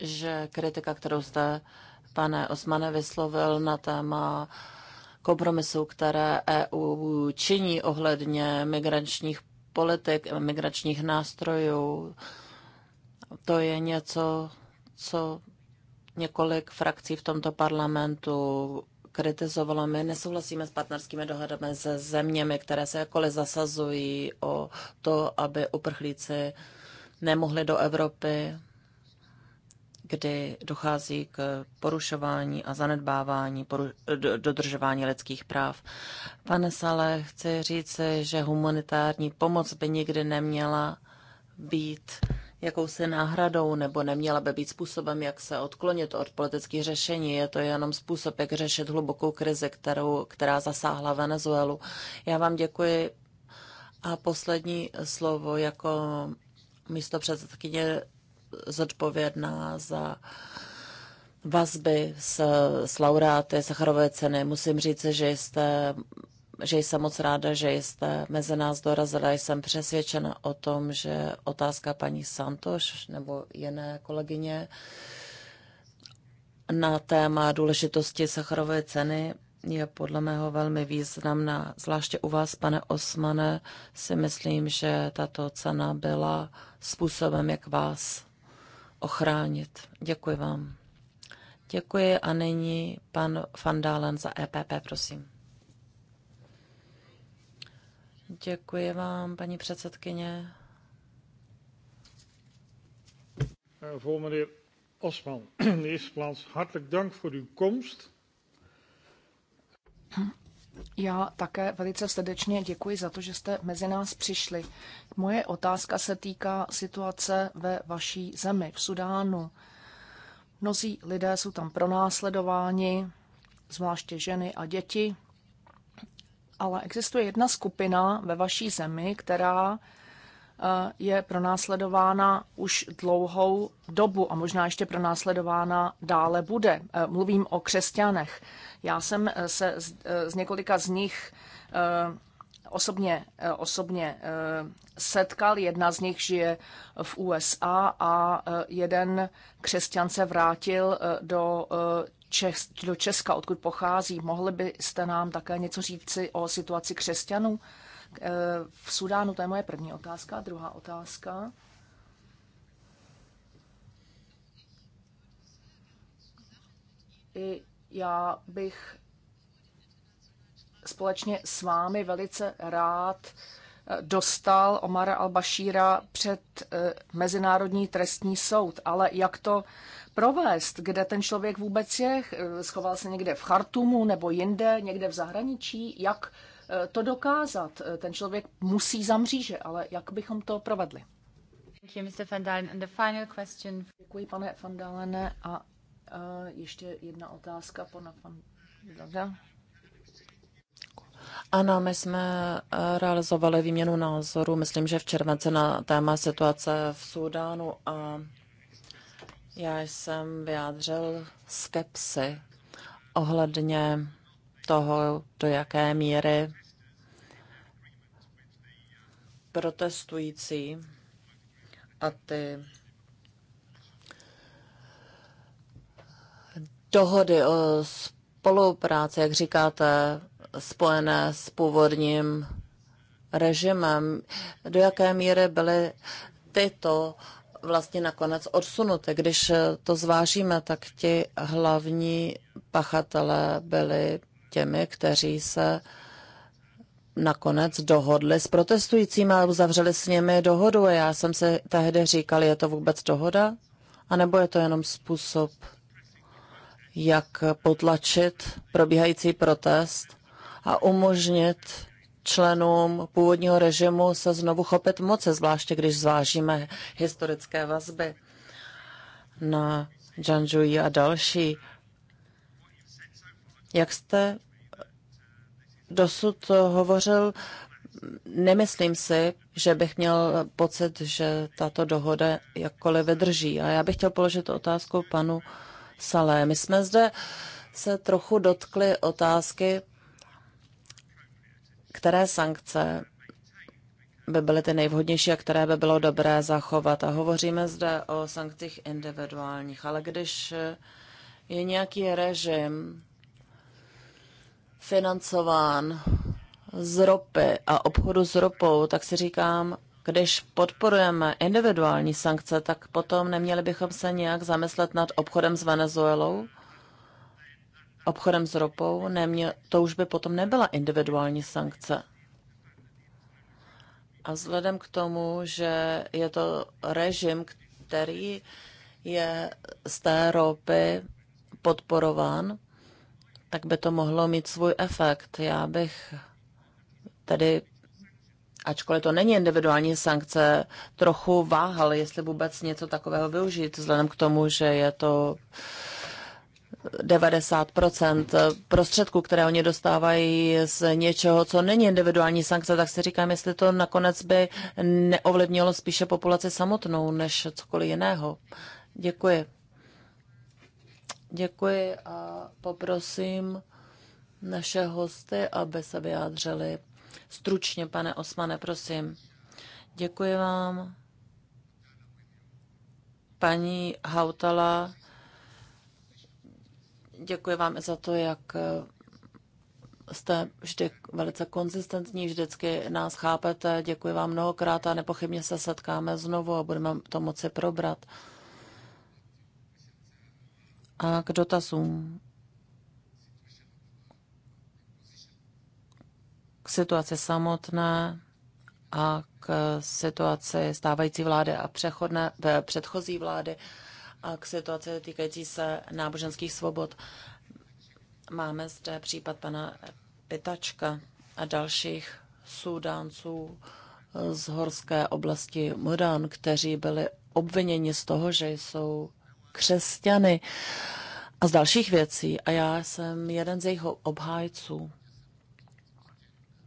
že kritika, kterou jste, pane Osmane, vyslovil na téma uh, kompromisů, které EU činí ohledně migračních politik, migračních nástrojů. To je něco, co několik frakcí v tomto parlamentu kritizovalo. My nesouhlasíme s partnerskými dohodami se zeměmi, které se jakkoliv zasazují o to, aby uprchlíci nemohli do Evropy kdy dochází k porušování a zanedbávání poru, dodržování lidských práv. Pane Sale, chci říct, že humanitární pomoc by nikdy neměla být jakousi náhradou nebo neměla by být způsobem, jak se odklonit od politických řešení. Je to jenom způsob, jak řešit hlubokou krizi, kterou, která zasáhla Venezuelu. Já vám děkuji. A poslední slovo jako místo předsedkyně zodpovědná za vazby s, s laureáty Sacharové ceny. Musím říct, že jste že jsem moc ráda, že jste mezi nás dorazila. Jsem přesvědčena o tom, že otázka paní Santoš nebo jiné kolegyně na téma důležitosti Sacharové ceny je podle mého velmi významná. Zvláště u vás, pane Osmane, si myslím, že tato cena byla způsobem, jak vás ochránit. Děkuji vám. Děkuji a nyní pan Fandálen za EPP, prosím. Děkuji vám, paní předsedkyně. Voor meneer Osman, in de eerste plaats hartelijk dank voor uw komst. Já také velice srdečně děkuji za to, že jste mezi nás přišli. Moje otázka se týká situace ve vaší zemi, v Sudánu. Mnozí lidé jsou tam pronásledováni, zvláště ženy a děti. Ale existuje jedna skupina ve vaší zemi, která Eh, je pronásledována už dlouhou dobu a možná ještě pronásledována dále bude. Eh, mluvím o křesťanech. Já jsem eh, se z, několika z nich osobně, osobně setkal. Jedna z nich žije v USA a jeden křesťan se vrátil do do Česka, odkud pochází. Mohli byste nám také něco říci o situaci křesťanů? Eh, v Sudánu? To je moje první otázka. Druhá otázka. I já bych společně s vámi velice rád eh, dostal Omara al Bashira před eh, Mezinárodní trestní soud. Ale jak to provést? Kde ten člověk vůbec je? Schoval se někde v Chartumu nebo jinde, někde v zahraničí? Jak Eh, to dokázat. Eh, ten člověk musí za mříže, ale jak bychom to provedli? Děkuji, pane Van Dalen. A uh, ještě jedna otázka pana Van Dalen? Ano, my jsme realizovali výměnu názoru, myslím, že v červenci na téma situace v Súdánu a já jsem vyjádřil skepsy ohledně toho, do jaké míry protestující a ty dohody o spolupráci, jak říkáte, spojené s původním režimem, do jaké míry byly tyto vlastně nakonec odsunuty. Když to zvážíme, tak ti hlavní pachatelé byli těmi, kteří se nakonec dohodli s protestujícími a uzavřeli s nimi dohodu. A Já jsem se tehdy říkal, je to vůbec dohoda? A nebo je to jenom způsob, jak potlačit probíhající protest a umožnit členům původního režimu se znovu chopit moci, zvláště když zvážíme historické vazby na Janžuji a další. Jak jste dosud hovořil, nemyslím si, že bych měl pocit, že tato dohoda jakkoliv vydrží. A já bych chtěl položit otázku panu Salé. My jsme zde se trochu dotkli otázky, které sankce by byly ty nejvhodnější a které by bylo dobré zachovat. A hovoříme zde o sankcích individuálních, ale když je nějaký režim, financován z ropy a obchodu s ropou, tak si říkám, když podporujeme individuální sankce, tak potom neměli bychom se nějak zamyslet nad obchodem s Venezuelou, obchodem s ropou, nemě, to už by potom nebyla individuální sankce. A vzhledem k tomu, že je to režim, který je z té ropy podporován, tak by to mohlo mít svůj efekt. Já bych tedy, ačkoliv to není individuální sankce, trochu váhal, jestli vůbec něco takového využít, vzhledem k tomu, že je to 90% prostředků, které oni dostávají z něčeho, co není individuální sankce, tak si říkám, jestli to nakonec by neovlivnilo spíše populaci samotnou, než cokoliv jiného. Děkuji. Děkuji a poprosím naše hosty, aby se vyjádřili stručně, pane Osmane, prosím. Děkuji vám. Paní Hautala, děkuji vám i za to, jak jste vždy velice konzistentní, vždycky nás chápete. Děkuji vám mnohokrát a nepochybně se setkáme znovu a budeme to moci probrat. A k dotazům. K situaci samotné a k situaci stávající vlády a přechodné, předchozí vlády a k situaci týkající se náboženských svobod. Máme zde případ pana Pitačka a dalších Sudánců z horské oblasti Murán, kteří byli obviněni z toho, že jsou křesťany a z dalších věcí. A já jsem jeden z jejich obhájců.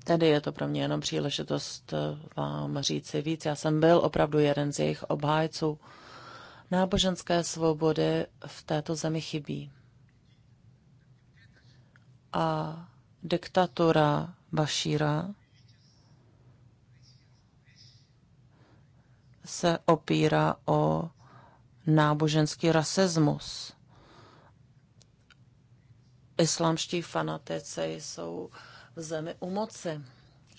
Tedy je to pro mě jenom příležitost eh, vám říci víc. Já jsem byl opravdu jeden z jejich obhájců. Náboženské svobody v této zemi chybí. A diktatura Bašíra se opírá o náboženský rasismus. Islámští fanatici jsou v zemi u moci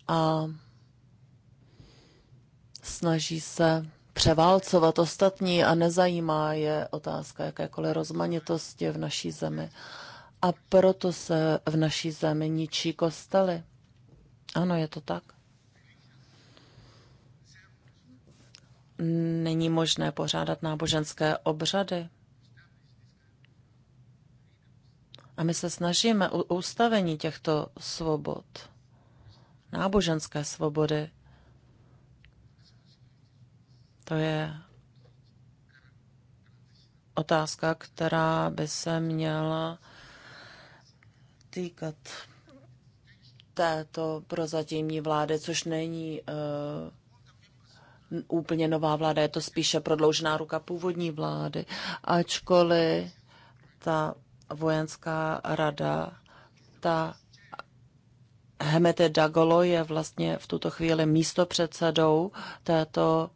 a snaží se převálcovat ostatní a nezajímá je otázka jakékoliv rozmanitosti v naší zemi. A proto se v naší zemi ničí kostely. Ano, je to tak. není možné pořádat náboženské obřady. A my se snažíme u ustavení těchto svobod, náboženské svobody. To je otázka, která by se měla týkat této prozatímní vlády, což není uh, úplně nová vláda, je to spíše prodloužená ruka původní vlády, ačkoliv ta vojenská rada, ta Hemete Dagolo je vlastně v tuto chvíli místo předsedou této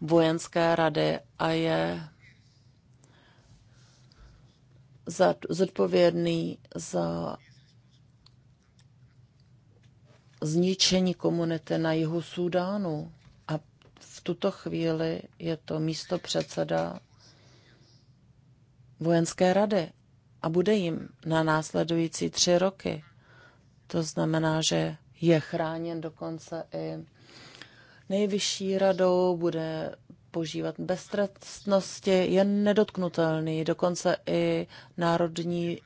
vojenské rady a je za, zodpovědný za zničení komunity na jihu Súdánu tuto chvíli je to místo předseda vojenské rady a bude jim na následující tři roky. To znamená, že je chráněn dokonce i nejvyšší radou, bude požívat beztrestnosti, je nedotknutelný, dokonce i Národní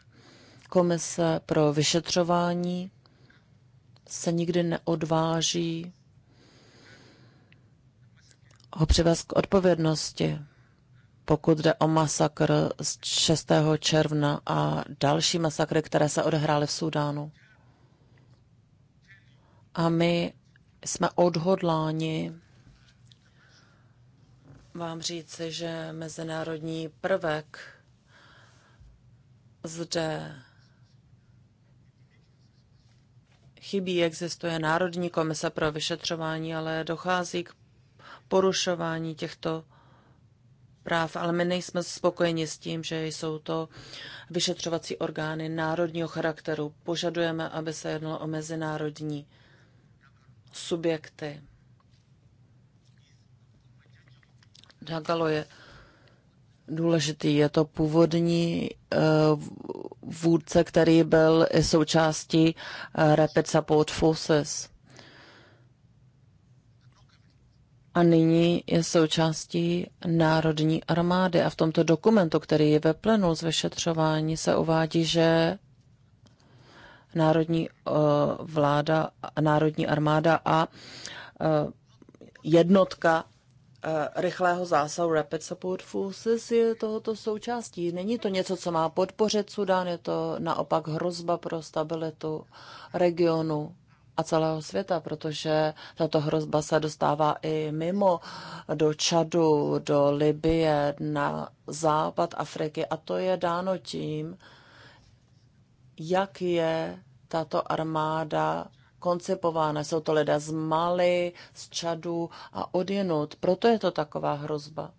komise pro vyšetřování se nikdy neodváží ho přivést k odpovědnosti, pokud jde o masakr z 6. června a další masakry, které se odehrály v Sudánu. A my jsme odhodláni vám říci, že mezinárodní prvek zde chybí, existuje Národní komise pro vyšetřování, ale dochází k porušování těchto práv, ale my nejsme spokojeni s tím, že jsou to vyšetřovací orgány národního charakteru. Požadujeme, aby se jednalo o mezinárodní subjekty. Dagalo je důležitý. Je to původní eh, vůdce, který byl součástí eh, Rapid Support Forces. a nyní je součástí Národní armády. A v tomto dokumentu, který je vyplynul z vyšetřování, se uvádí, že Národní eh, vláda, Národní armáda a eh, jednotka eh, rychlého zásahu Rapid Support Forces je tohoto součástí. Není to něco, co má podpořit Sudán, je to naopak hrozba pro stabilitu regionu a celého světa, protože tato hrozba se dostává i mimo do Čadu, do Libie, na západ Afriky a to je dáno tím, jak je tato armáda koncipována. Jsou to lidé z Mali, z Čadu a odjenut. Proto je to taková hrozba.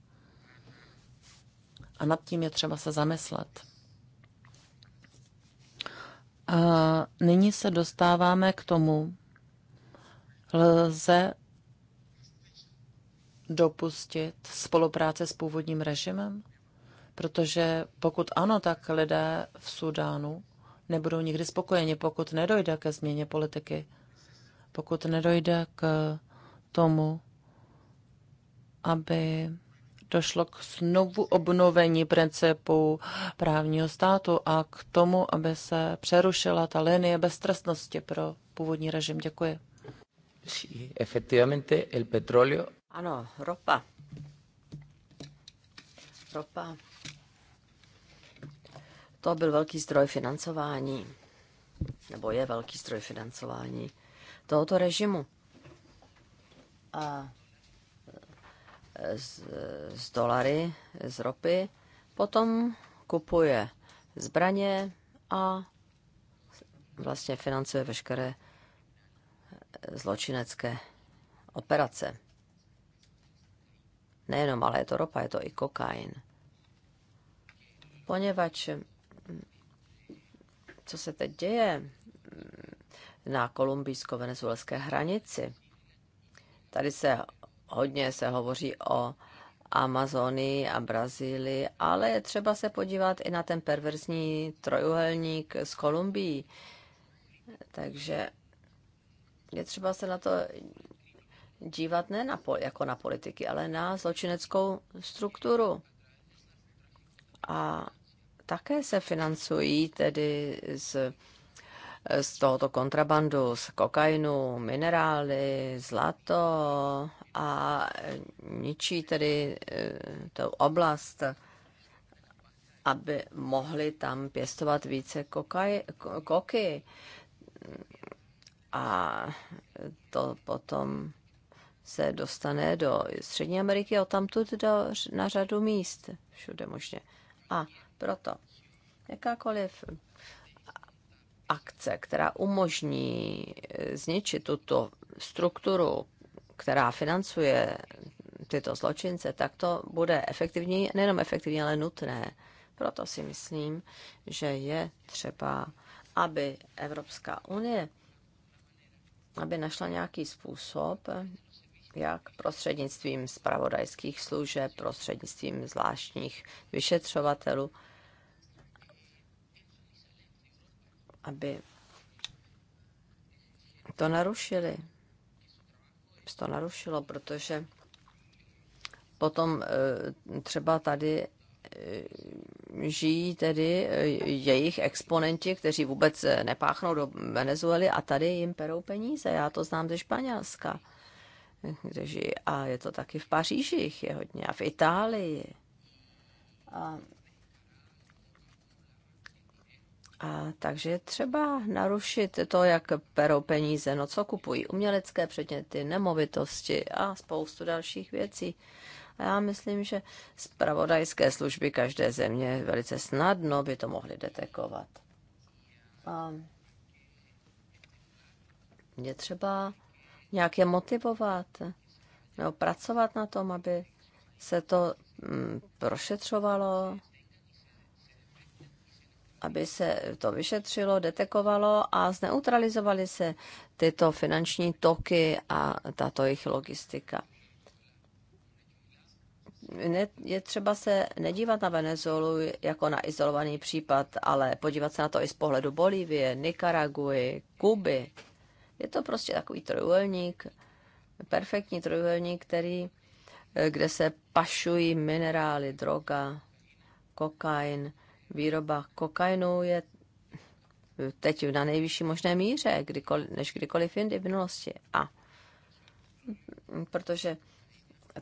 A nad tím je třeba se zamyslet. A nyní se dostáváme k tomu, lze dopustit spolupráce s původním režimem? Protože pokud ano, tak lidé v Sudánu nebudou nikdy spokojeni, pokud nedojde ke změně politiky, pokud nedojde k tomu, aby došlo k znovu obnovení principu právního státu a k tomu, aby se přerušila ta linie beztrestnosti pro původní režim. Děkuji. Sí, efectivamente, el petróleo. Ano, ropa. Ropa. To byl velký zdroj financování, nebo je velký zdroj financování tohoto režimu. A z, z dolary, z ropy, potom kupuje zbraně a vlastně financuje veškeré eh, zločinecké operace. Nejenom, ale je to ropa, je to i kokain. Poněvadž, mm, co se teď děje mm, na kolumbijsko-venezuelské hranici, tady se hodně se hovoří o Amazonii a Brazílii, ale je třeba se podívat i na ten perverzní trojuhelník z Kolumbii. Takže je třeba se na to dívat ne na pol, jako na politiky, ale na zločineckou strukturu. A také se financují tedy z Eh, z tohoto kontrabandu, z kokainu, minerály, zlato a eh, ničí tedy eh, tu oblast, aby mohli tam pěstovat více kokaj, koky. A to potom se dostane do Střední Ameriky a tamtud do, na řadu míst, všude možně. A proto jakákoliv akce, která umožní eh, zničit tuto strukturu, která financuje tyto zločince, tak to bude efektivní, nejenom efektivní, ale nutné. Proto si myslím, že je třeba, aby Evropská unie aby našla nějaký způsob, jak prostřednictvím spravodajských služeb, prostřednictvím zvláštních vyšetřovatelů, aby to narušili. To narušilo, protože potom eh, třeba tady eh, žijí tedy eh, jejich exponenti, kteří vůbec nepáchnou do Venezuely a tady jim perou peníze. Já to znám ze Španělska, kde žijí. A je to taky v Paříži, je hodně. A v Itálii. A a takže třeba narušit to, jak perou peníze, no co kupují, umělecké předměty, nemovitosti a spoustu dalších věcí. A já myslím, že zpravodajské služby každé země velice snadno by to mohly detekovat. A je třeba nějak je motivovat nebo pracovat na tom, aby se to mm, prošetřovalo, aby se to vyšetřilo, detekovalo a zneutralizovaly se tyto finanční toky a tato jejich logistika. Je třeba se nedívat na Venezuelu jako na izolovaný případ, ale podívat se na to i z pohledu Bolívie, Nikaraguji, Kuby. Je to prostě takový trojuhelník, perfektní trojuhelník, který, eh, kde se pašují minerály, droga, kokain, výroba kokainu je teď na nejvyšší možné míře, kdykoliv, než kdykoliv jindy v minulosti. A protože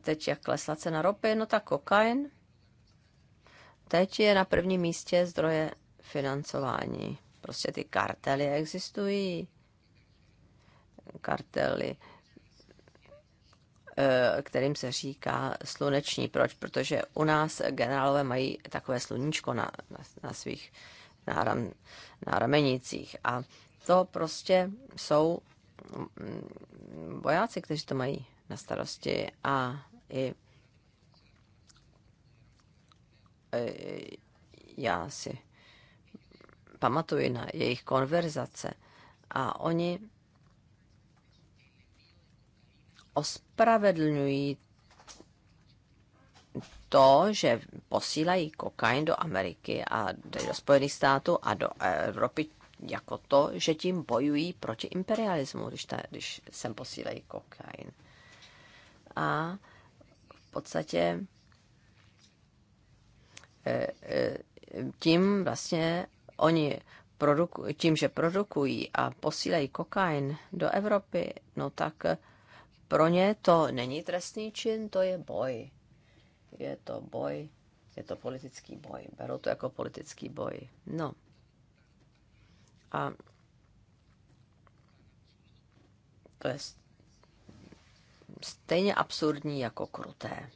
teď jak klesla cena ropy, no tak kokain teď je na prvním místě zdroje financování. Prostě ty kartely existují. Kartely Eh, kterým se říká sluneční. Proč? Protože u nás generálové mají takové sluníčko na, na, na svých náram, náramenicích. A to prostě jsou mm, vojáci, kteří to mají na starosti a i já si pamatuji na jejich konverzace a oni ospravedlňují to, že posílají kokain do Ameriky a do Spojených států a do Evropy jako to, že tím bojují proti imperialismu, když, ta, když sem posílají kokain. A v podstatě e, e, tím vlastně oni produku, tím, že produkují a posílají kokain do Evropy, no tak pro ně to není trestný čin, to je boj. Je to boj, je to politický boj. Berou to jako politický boj. No. A to je stejně absurdní jako kruté.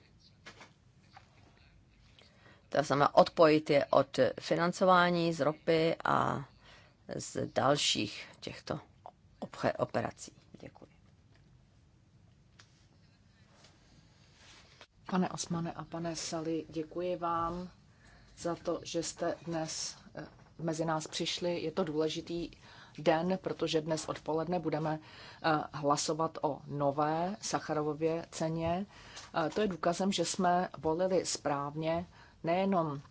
To znamená odpojit je od financování z ropy a z dalších těchto operací. Pane Osmane a pane Sali, děkuji vám za to, že jste dnes eh, mezi nás přišli. Je to důležitý den, protože dnes odpoledne budeme eh, hlasovat o nové Sacharovově ceně. Eh, to je důkazem, že jsme volili správně, nejenom,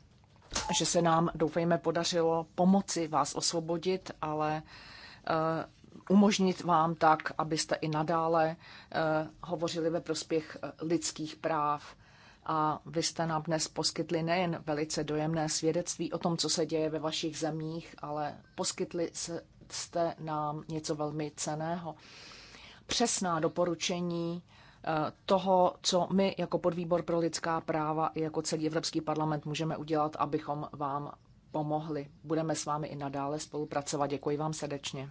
že se nám, doufejme, podařilo pomoci vás osvobodit, ale umožnit vám tak, abyste i nadále eh, hovořili ve prospěch eh, lidských práv. A vy jste nám dnes poskytli nejen velice dojemné svědectví o tom, co se děje ve vašich zemích, ale poskytli jste nám něco velmi ceného. Přesná doporučení eh, toho, co my jako podvýbor pro lidská práva i jako celý Evropský parlament můžeme udělat, abychom vám pomohli. Budeme s vámi i nadále spolupracovat. Děkuji vám srdečně.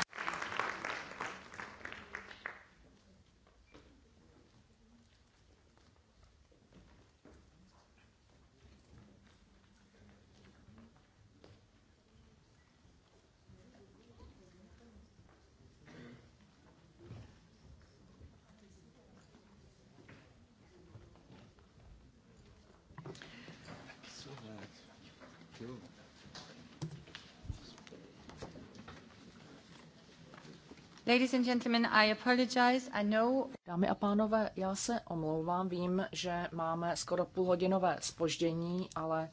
Ladies and gentlemen, I apologize. I know... Dámy a pánové, já se omlouvám, vím, že máme skoro půlhodinové spoždění, ale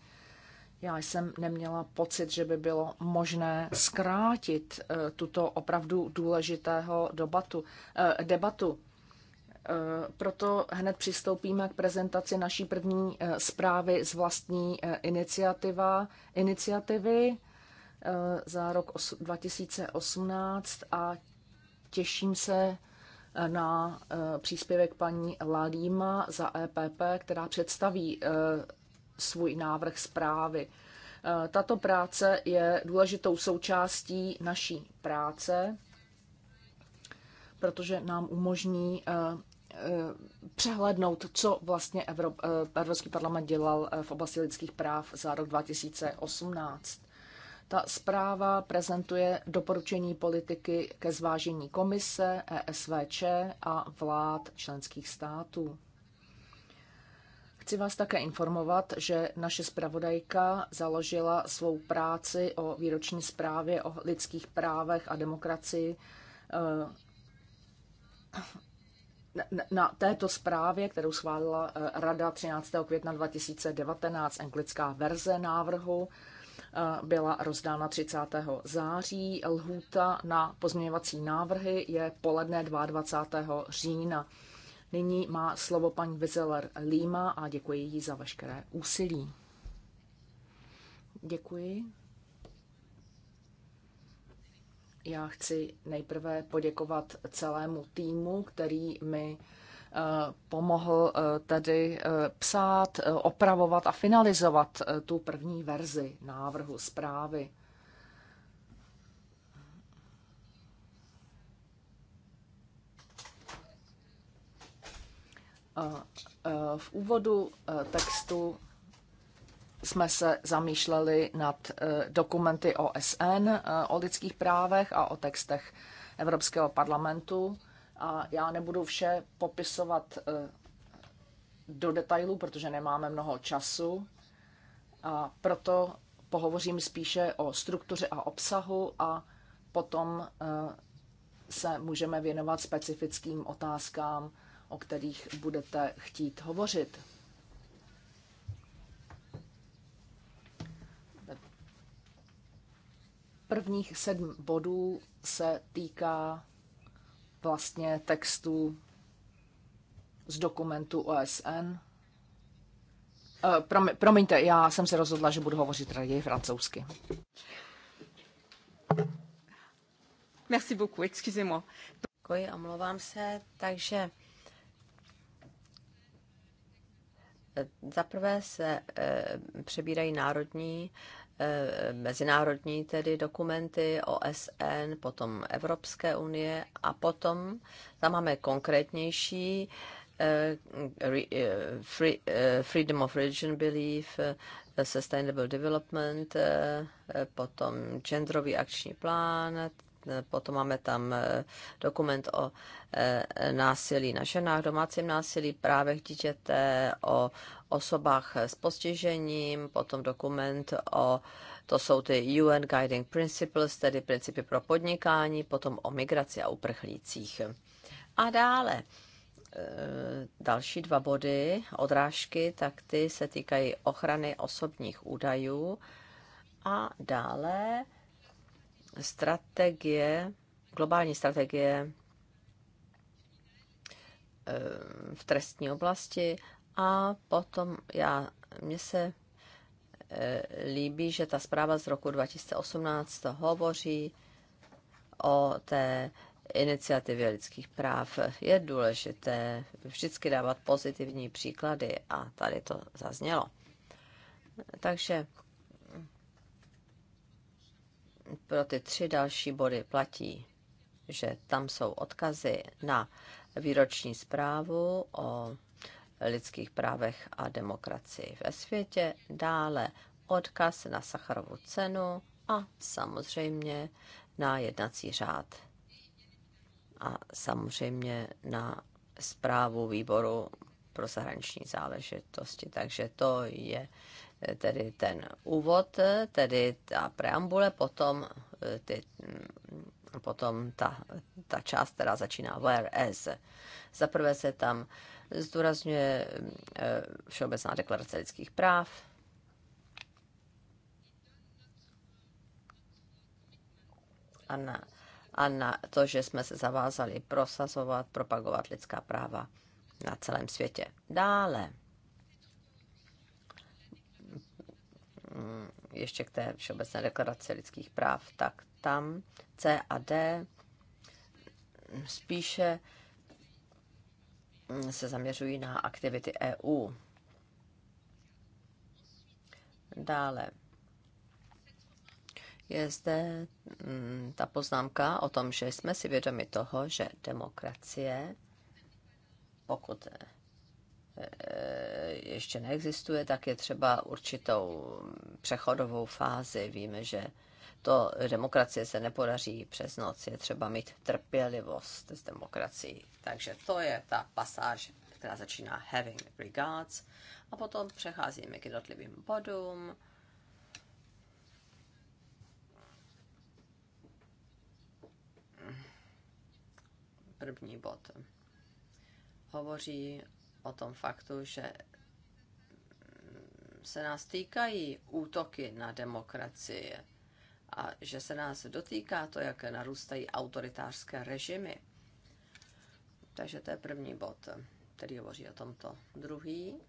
já jsem neměla pocit, že by bylo možné zkrátit eh, tuto opravdu důležitého debatu. Eh, debatu. Eh, proto hned přistoupíme k prezentaci naší první zprávy z vlastní iniciativa, iniciativy za rok 2018 a Těším se eh, na eh, příspěvek paní Lalíma za EPP, která představí eh, svůj návrh zprávy. Tato práce je důležitou součástí naší práce, protože nám umožní přehlednout, co vlastně Evropský parlament dělal v oblasti lidských práv za rok 2018. Ta zpráva prezentuje doporučení politiky ke zvážení komise, ESVČ a vlád členských států. Chci vás také informovat, že naše zpravodajka založila svou práci o výroční zprávě o lidských právech a demokracii eh, na této zprávě, kterou schválila eh, Rada 13. května 2019, anglická verze návrhu Eh, byla rozdána 30. září. Lhůta na pozměňovací návrhy je poledne 22. října. Nyní má slovo paní Vizeler Líma a děkuji jí za veškeré úsilí. Děkuji. Já chci nejprve poděkovat celému týmu, který mi Eh, pomohl eh, tedy eh, psát, opravovat a finalizovat tu první verzi návrhu zprávy. V úvodu textu jsme se zamýšleli nad dokumenty OSN o lidských právech a o textech Evropského parlamentu. A já nebudu vše popisovat eh, do detailů, protože nemáme mnoho času. A proto pohovořím spíše o struktuře a obsahu a potom eh, se můžeme věnovat specifickým otázkám, o kterých budete chtít hovořit. Prvních sedm bodů se týká vlastně textů z dokumentu OSN. Eh, Promi, promiňte, já jsem se rozhodla, že budu hovořit raději francouzsky. Merci beaucoup, excusez-moi. Děkuji, omlouvám se. Takže eh, zaprvé se e, přebírají národní Eh, mezinárodní tedy dokumenty OSN, potom Evropské unie a potom tam máme konkrétnější eh, eh, Freedom of Religion Belief, Sustainable Development, potom genderový akční plán, potom máme tam dokument o násilí na ženách, domácím násilí, právech dítěte, o osobách s postižením, potom dokument o, to jsou ty UN Guiding Principles, tedy principy pro podnikání, potom o migraci a uprchlících. A dále e, další dva body, odrážky, tak ty se týkají ochrany osobních údajů a dále strategie, globální strategie e, v trestní oblasti a potom já, mně se e, líbí, že ta zpráva z roku 2018 hovoří o té iniciativě lidských práv. Je důležité vždycky dávat pozitivní příklady a tady to zaznělo. Takže pro ty tři další body platí, že tam jsou odkazy na výroční zprávu o lidských právech a demokracii ve světě, dále odkaz na Sacharovu cenu a samozřejmě na jednací řád a samozřejmě na zprávu výboru pro zahraniční záležitosti. Takže to je eh, tedy ten úvod, tedy ta preambule, potom, eh, ty, mm, potom ta, ta část, která začíná whereas. Zaprvé se tam zdůrazňuje eh, Všeobecná deklarace lidských práv. A na, a na to, že jsme se zavázali prosazovat, propagovat lidská práva na celém světě. Dále. Mm, ještě k té Všeobecné deklaraci lidských práv, tak tam C a D spíše se zaměřují na aktivity EU. Dále je zde mm, ta poznámka o tom, že jsme si vědomi toho, že demokracie, pokud e, ještě neexistuje, tak je třeba určitou přechodovou fázi. Víme, že to demokracie se nepodaří přes noc, je třeba mít trpělivost s demokracií. Takže to je ta pasáž, která začíná having regards a potom přecházíme k jednotlivým bodům. První bod hovoří o tom faktu, že se nás týkají útoky na demokracie a že se nás dotýká to, jak narůstají autoritářské režimy. Takže to je první bod, který hovoří o tomto. Druhý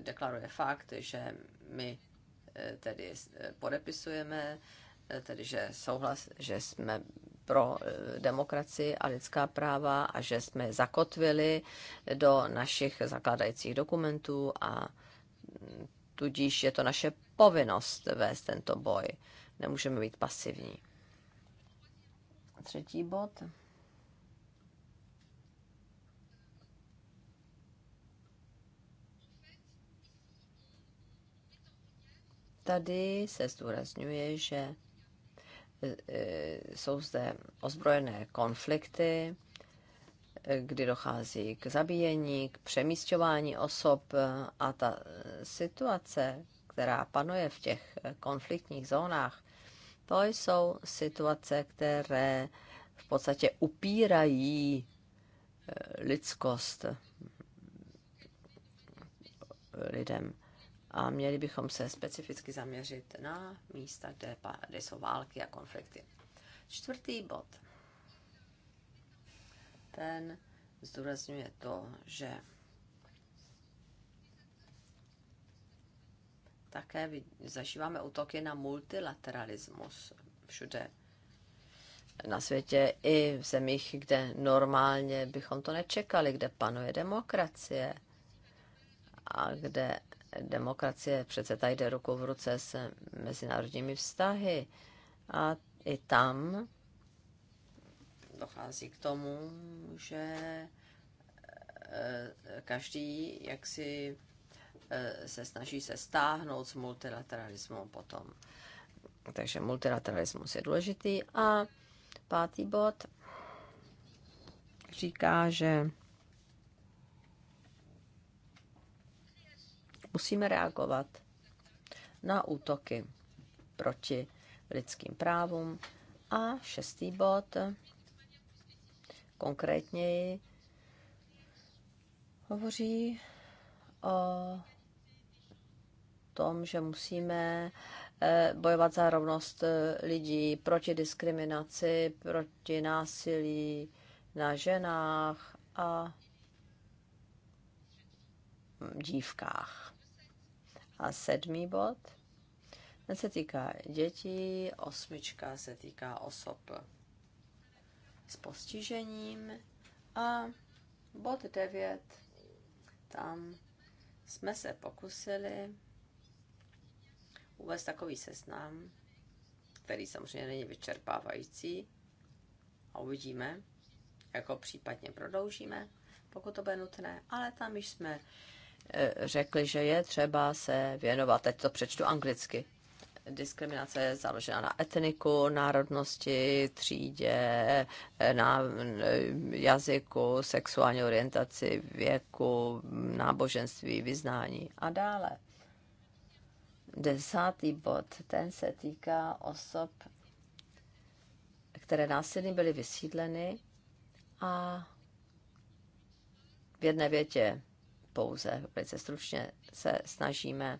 deklaruje fakt, že my eh, tedy podepisujeme, eh, tedy že souhlas, že jsme pro eh, demokracii a lidská práva a že jsme zakotvili do našich zakladajících dokumentů a tudíž je to naše povinnost vést tento boj. Nemůžeme být pasivní. Třetí bod. Tady se zdůrazňuje, že e, e, jsou zde ozbrojené konflikty, kdy dochází k zabíjení, k přemístování osob a ta situace, která panuje v těch konfliktních zónách, to jsou situace, které v podstatě upírají e, lidskost lidem. A měli bychom se specificky zaměřit na místa, kde, kde jsou války a konflikty. Čtvrtý bod – ten zdůrazňuje to, že také zažíváme útoky na multilateralismus všude na světě i v zemích, kde normálně bychom to nečekali, kde panuje demokracie a kde demokracie přece tady jde ruku v ruce s mezinárodními vztahy. A i tam dochází k tomu, že eh, každý jaksi eh, se snaží se stáhnout z multilateralismu potom. Takže multilateralismus je důležitý. A pátý bod říká, že musíme reagovat na útoky proti lidským právům. A šestý bod konkrétněji hovoří o tom, že musíme eh, bojovat za rovnost eh, lidí proti diskriminaci, proti násilí na ženách a dívkách. A sedmý bod, ten se týká dětí, osmička se týká osob s postižením a bod 9, tam jsme se pokusili uvést takový seznam, který samozřejmě není vyčerpávající a uvidíme, jako případně prodloužíme, pokud to bude nutné, ale tam již jsme eh, řekli, že je třeba se věnovat, teď to přečtu anglicky, diskriminace je založena na etniku, národnosti, třídě, na eh, jazyku, sexuální orientaci, věku, náboženství, vyznání a dále. Desátý bod, ten se týká osob, které násilně byly vysídleny a v jedné větě pouze, velice stručně se snažíme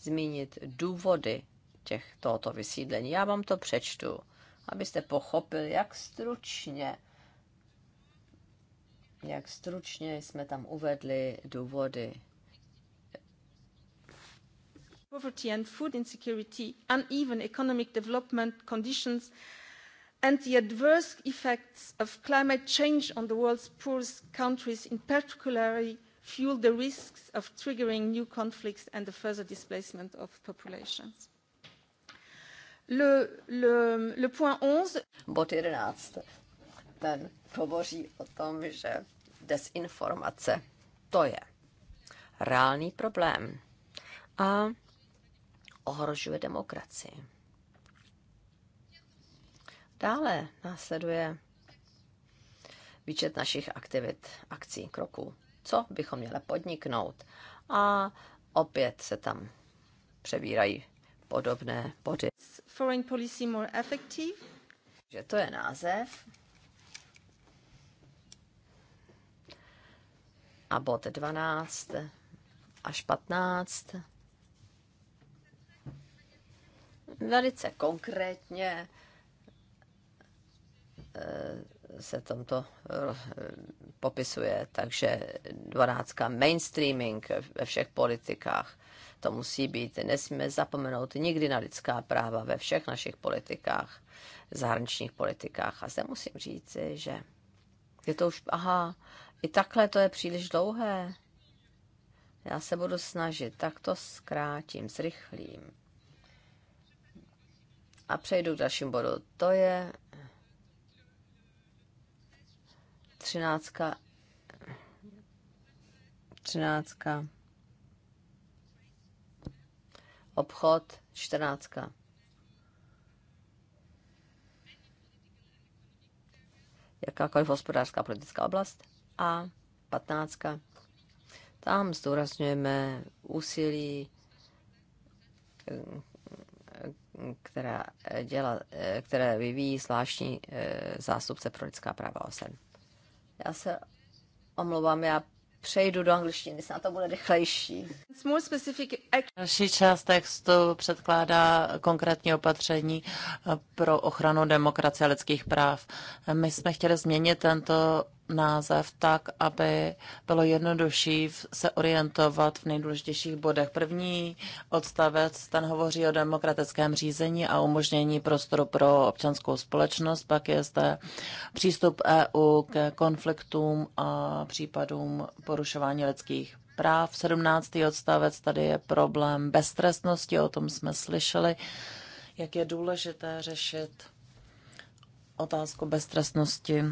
zmínit důvody těch, tohoto vysídlení. Já vám to přečtu, abyste pochopili, jak stručně jak stručně jsme tam uvedli důvody. Poverty and food insecurity, uneven economic development conditions and the adverse effects of climate change on the world's poorest countries in particular fuel the risks of triggering new conflicts and the further displacement of populations. Le, le, le point 11. Bod 11. Ten hovoří o tom, že desinformace, to je reálný problém a ohrožuje demokracii. Dále následuje výčet našich aktivit, akcí, kroků. Co bychom měli podniknout? A opět se tam přebírají podobné body. Foreign policy more effective. Že to je název. A bod 12 až 15. Velice konkrétně eh, se tomto eh, popisuje, takže 12. mainstreaming ve všech politikách to musí být. Nesmíme zapomenout nikdy na lidská práva ve všech našich politikách, zahraničních politikách. A zde musím říct, že je to už, aha, i takhle to je příliš dlouhé. Já se budu snažit, tak to zkrátím, zrychlím. A přejdu k dalším bodu. To je třináctka. Třináctka obchod, 14. Jakákoliv hospodářská politická oblast a 15. Tam zdůrazňujeme úsilí, která děla, které vyvíjí zvláštní eh, zástupce pro lidská práva OSN. Já se omlouvám, já přejdu do angličtiny, snad to bude rychlejší. Další část textu předkládá konkrétní opatření pro ochranu demokracie a lidských práv. My jsme chtěli změnit tento název tak, aby bylo jednodušší se orientovat v nejdůležitějších bodech. První odstavec, ten hovoří o demokratickém řízení a umožnění prostoru pro občanskou společnost, pak je zde přístup EU ke konfliktům a případům porušování lidských práv. 17. odstavec, tady je problém beztrestnosti, o tom jsme slyšeli, jak je důležité řešit otázku beztrestnosti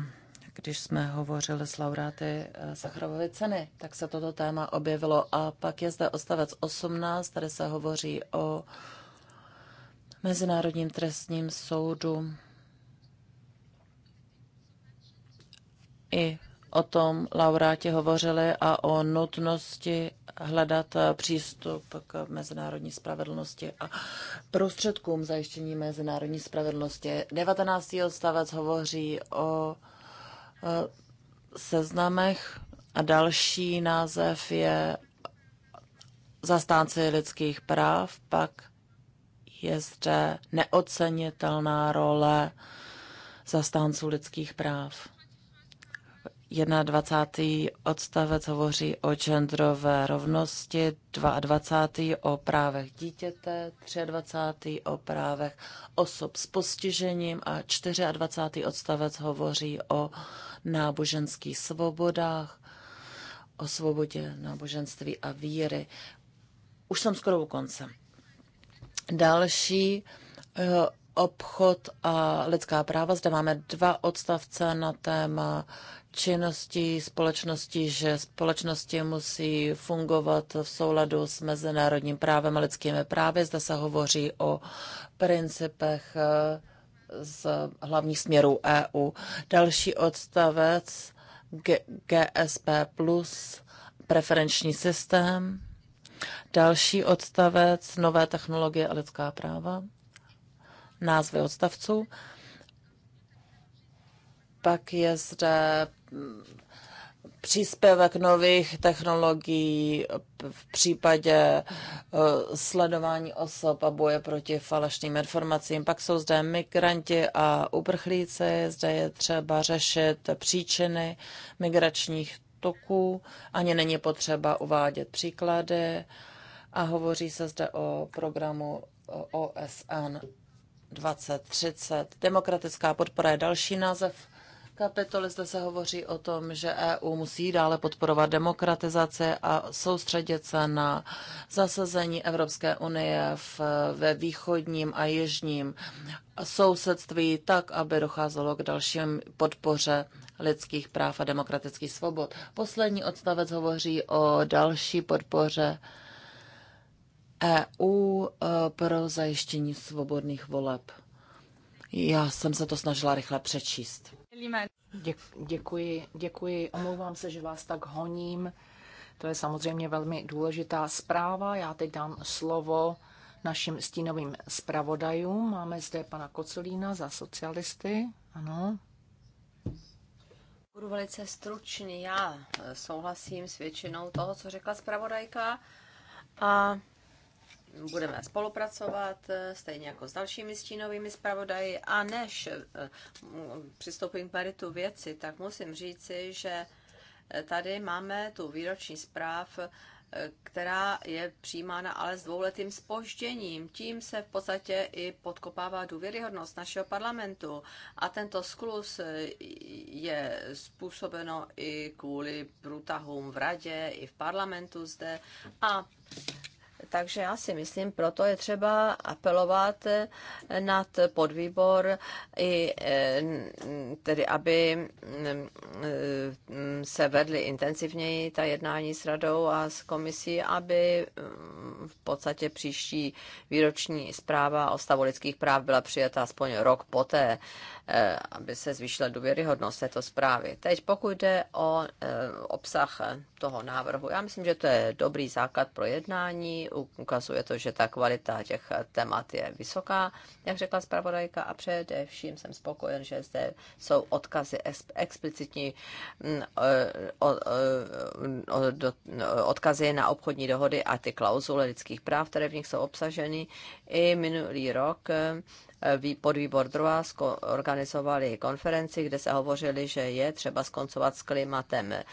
když jsme hovořili s laureáty eh, Sacharovovy ceny, tak se toto téma objevilo. A pak je zde odstavec 18, tady se hovoří o Mezinárodním trestním soudu i o tom laureáti hovořili a o nutnosti hledat eh, přístup k mezinárodní spravedlnosti a prostředkům zajištění mezinárodní spravedlnosti. 19. odstavec hovoří o Eh, seznamech a další název je zastánci lidských práv, pak je zde neocenitelná role zastánců lidských práv. 21. odstavec hovoří o genderové rovnosti, 22. o právech dítěte, 23. o právech osob s postižením a 24. odstavec hovoří o náboženských svobodách, o svobodě náboženství a víry. Už jsem skoro u konce. Další eh, obchod a lidská práva. Zde máme dva odstavce na téma činnosti společnosti, že společnosti musí fungovat v souladu s mezinárodním právem a lidskými právy. Zde se hovoří o principech eh, z hlavních směrů EU. Další odstavec G- GSP plus preferenční systém. Další odstavec nové technologie a lidská práva. Názvy odstavců. Pak je zde příspěvek nových technologií v případě eh, sledování osob a boje proti falešným informacím. Pak jsou zde migranti a uprchlíci, zde je třeba řešit příčiny migračních toků, ani není potřeba uvádět příklady a hovoří se zde o programu OSN 2030. Demokratická podpora je další název kapitoly zde se hovoří o tom, že EU musí dále podporovat demokratizaci a soustředit se na zasazení Evropské unie v, ve východním a jižním sousedství tak, aby docházelo k dalším podpoře lidských práv a demokratických svobod. Poslední odstavec hovoří o další podpoře EU e, pro zajištění svobodných voleb. Já jsem se to snažila rychle přečíst. Děkuji, děkuji. Omlouvám se, že vás tak honím. To je samozřejmě velmi důležitá zpráva. Já teď dám slovo našim stínovým zpravodajům. Máme zde pana Kocelína za socialisty. Ano. Budu velice stručný. Já eh, souhlasím s většinou toho, co řekla zpravodajka. A budeme spolupracovat, eh, stejně jako s dalšími stínovými zpravodaji. A než eh, přistoupím k meritu věci, tak musím říci, že eh, tady máme tu výroční zpráv, která je přijímána ale s dvouletým spožděním. Tím se v podstatě i podkopává důvěryhodnost našeho parlamentu. A tento sklus je způsobeno i kvůli průtahům v radě, i v parlamentu zde. A takže já si myslím, proto je třeba apelovat eh, nad podvýbor, i, eh, tedy aby mm, mm, se vedly intenzivněji ta jednání s radou a s komisí, aby mm, v podstatě příští výroční zpráva o stavu lidských práv byla přijata aspoň rok poté, Eh, aby se zvýšila důvěryhodnost této zprávy. Teď pokud jde o eh, obsah toho návrhu, já myslím, že to je dobrý základ pro jednání, ukazuje to, že ta kvalita těch témat je vysoká, jak řekla zpravodajka, a především jsem spokojen, že zde jsou odkazy explicitní mm, eh, odkazy na obchodní dohody a ty klauzule lidských práv, které v nich jsou obsaženy. I minulý rok podvýbor druhá organizovali konferenci, kde se hovořili, že je třeba skoncovat s klimatem, e,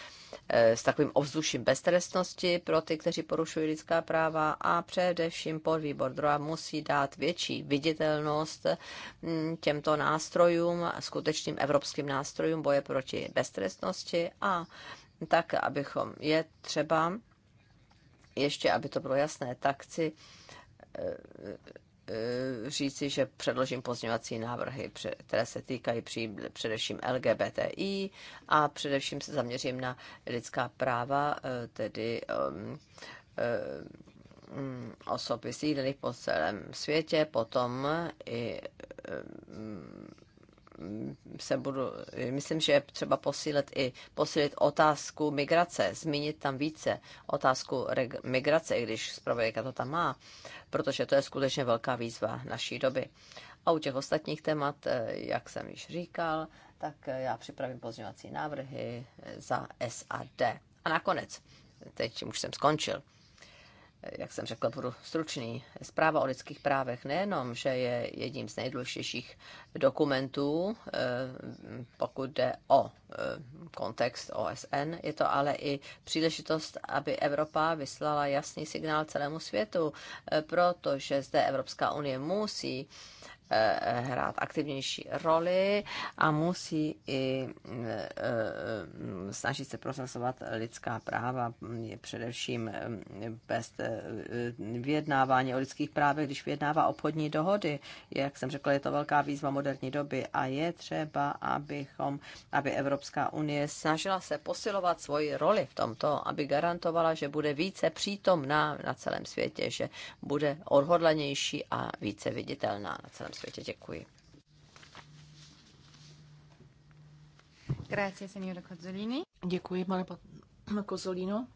s takovým ovzduším beztrestnosti pro ty, kteří porušují lidská práva a především podvýbor druhá musí dát větší viditelnost mm, těmto nástrojům, skutečným evropským nástrojům boje proti beztrestnosti a tak, abychom je třeba, ještě aby to bylo jasné, tak chci e, Eh, říci, že předložím pozměňovací návrhy, které se týkají při, především LGBTI a především se zaměřím na lidská práva, eh, tedy um, um, osoby sídlených po celém světě, potom i um, se budu, myslím, že je třeba posílit i posílit otázku migrace, zmínit tam více otázku migrace, když zpravodajka to tam má, protože to je skutečně velká výzva naší doby. A u těch ostatních témat, eh, jak jsem již říkal, tak eh, já připravím pozměňovací návrhy eh, za SAD. A nakonec, teď už jsem skončil, jak jsem řekl, budu stručný. Zpráva o lidských právech nejenom, že je jedním z nejdůležitějších dokumentů, eh, pokud jde o eh, kontext OSN, je to ale i příležitost, aby Evropa vyslala jasný signál celému světu, eh, protože zde Evropská unie musí Eh, eh, hrát aktivnější roli a musí i eh, snažit se prosazovat lidská práva, především bez vyjednávání o lidských právech, když vyjednává obchodní dohody. Jak jsem řekla, je to velká výzva moderní doby a je třeba, abychom, aby Evropská unie snažila se posilovat svoji roli v tomto, aby garantovala, že bude více přítomná na celém světě, že bude odhodlanější a více viditelná na celém světě. Děkuji. Grazie, signora Cozzolini. Děkuji, pane Cozzolino.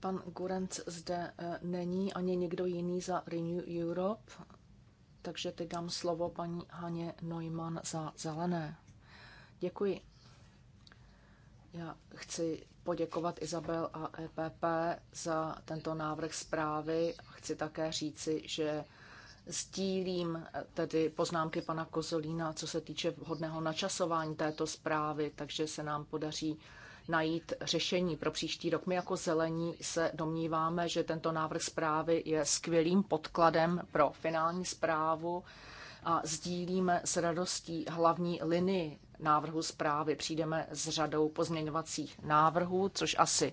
Pan Gurenc zde eh, není, ani někdo jiný za Renew Europe, takže teď dám slovo paní Haně Neumann za zelené. Děkuji. Já chci poděkovat Izabel a EPP za tento návrh zprávy. Chci také říci, že sdílím tedy poznámky pana Kozolína, co se týče vhodného načasování této zprávy, takže se nám podaří najít řešení pro příští rok. My jako zelení se domníváme, že tento návrh zprávy je skvělým podkladem pro finální zprávu a sdílíme s radostí hlavní linii návrhu zprávy. Přijdeme s řadou pozměňovacích návrhů, což asi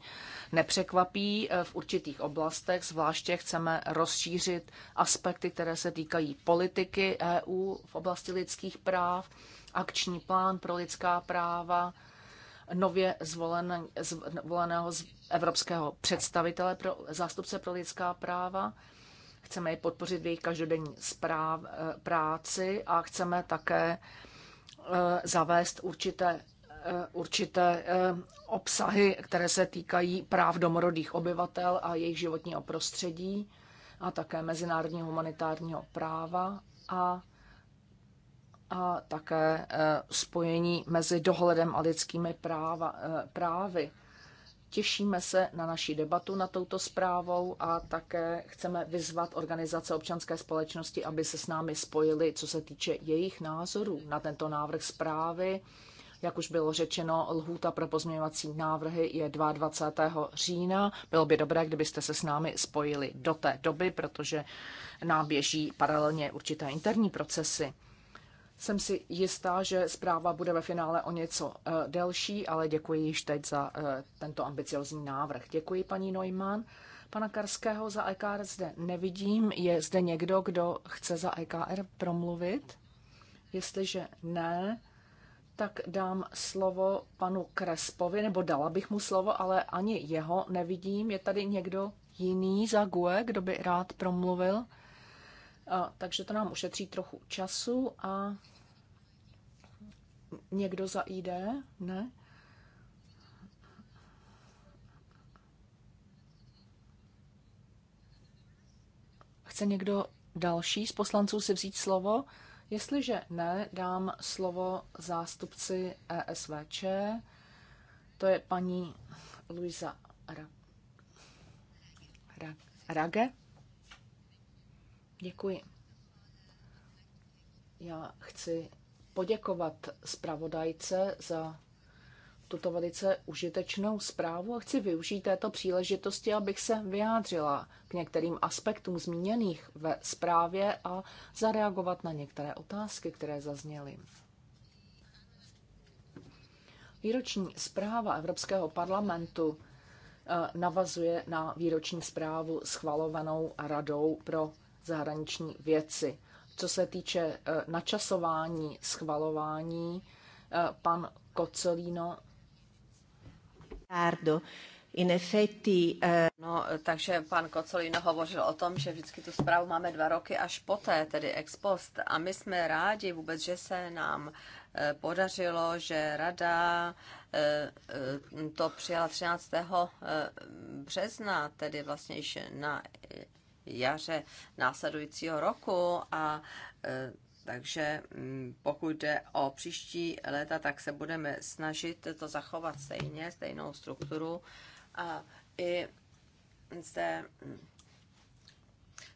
nepřekvapí e, v určitých oblastech. Zvláště chceme rozšířit aspekty, které se týkají politiky EU v oblasti lidských práv, akční plán pro lidská práva, nově zvolen, zvoleného evropského představitele pro zástupce pro lidská práva. Chceme je podpořit v jejich každodenní správ, e, práci a chceme také Eh, zavést určité, eh, určité eh, obsahy, které se týkají práv domorodých obyvatel a jejich životního prostředí a také mezinárodního humanitárního práva a, a také spojení mezi dohledem a lidskými práva, právy. Těšíme se na naši debatu na touto zprávou a také chceme vyzvat organizace občanské společnosti, aby se s námi spojili, co se týče jejich názorů na tento návrh zprávy. Jak už bylo řečeno, lhůta pro pozměňovací návrhy je 22. října. Bylo by dobré, kdybyste se s námi spojili do té doby, protože nám běží paralelně určité interní procesy. Jsem si jistá, že zpráva bude ve finále o něco eh, delší, ale děkuji již teď za eh, tento ambiciozní návrh. Děkuji paní Neumann. Pana Karského za EKR zde nevidím. Je zde někdo, kdo chce za EKR promluvit? Jestliže ne, tak dám slovo panu Krespovi, nebo dala bych mu slovo, ale ani jeho nevidím. Je tady někdo jiný za GUE, kdo by rád promluvil? takže to nám ušetří trochu času a někdo zajde, Ne? Chce někdo další z poslanců si vzít slovo? Jestliže ne, dám slovo zástupci ESVČ, to je paní Luisa Ra- Ra- Rage. Děkuji. Já chci poděkovat zpravodajce za tuto velice užitečnou zprávu a chci využít této příležitosti, abych se vyjádřila k některým aspektům zmíněných ve zprávě a zareagovat na některé otázky, které zazněly. Výroční zpráva Evropského parlamentu eh, navazuje na výroční zprávu schvalovanou Radou pro zahraniční věci. Co se týče eh, načasování schvalování, eh, pan Kocelino. Ardo. In effetti, eh, no, takže pan Kocolino hovořil o tom, že vždycky tu zprávu máme dva roky až poté, tedy ex post. A my jsme rádi vůbec, že se nám podařilo, že rada to přijala 13. března, tedy vlastně již na jaře následujícího roku a e, takže mm, pokud jde o příští léta, tak se budeme snažit to zachovat stejně, stejnou strukturu a i zde mm,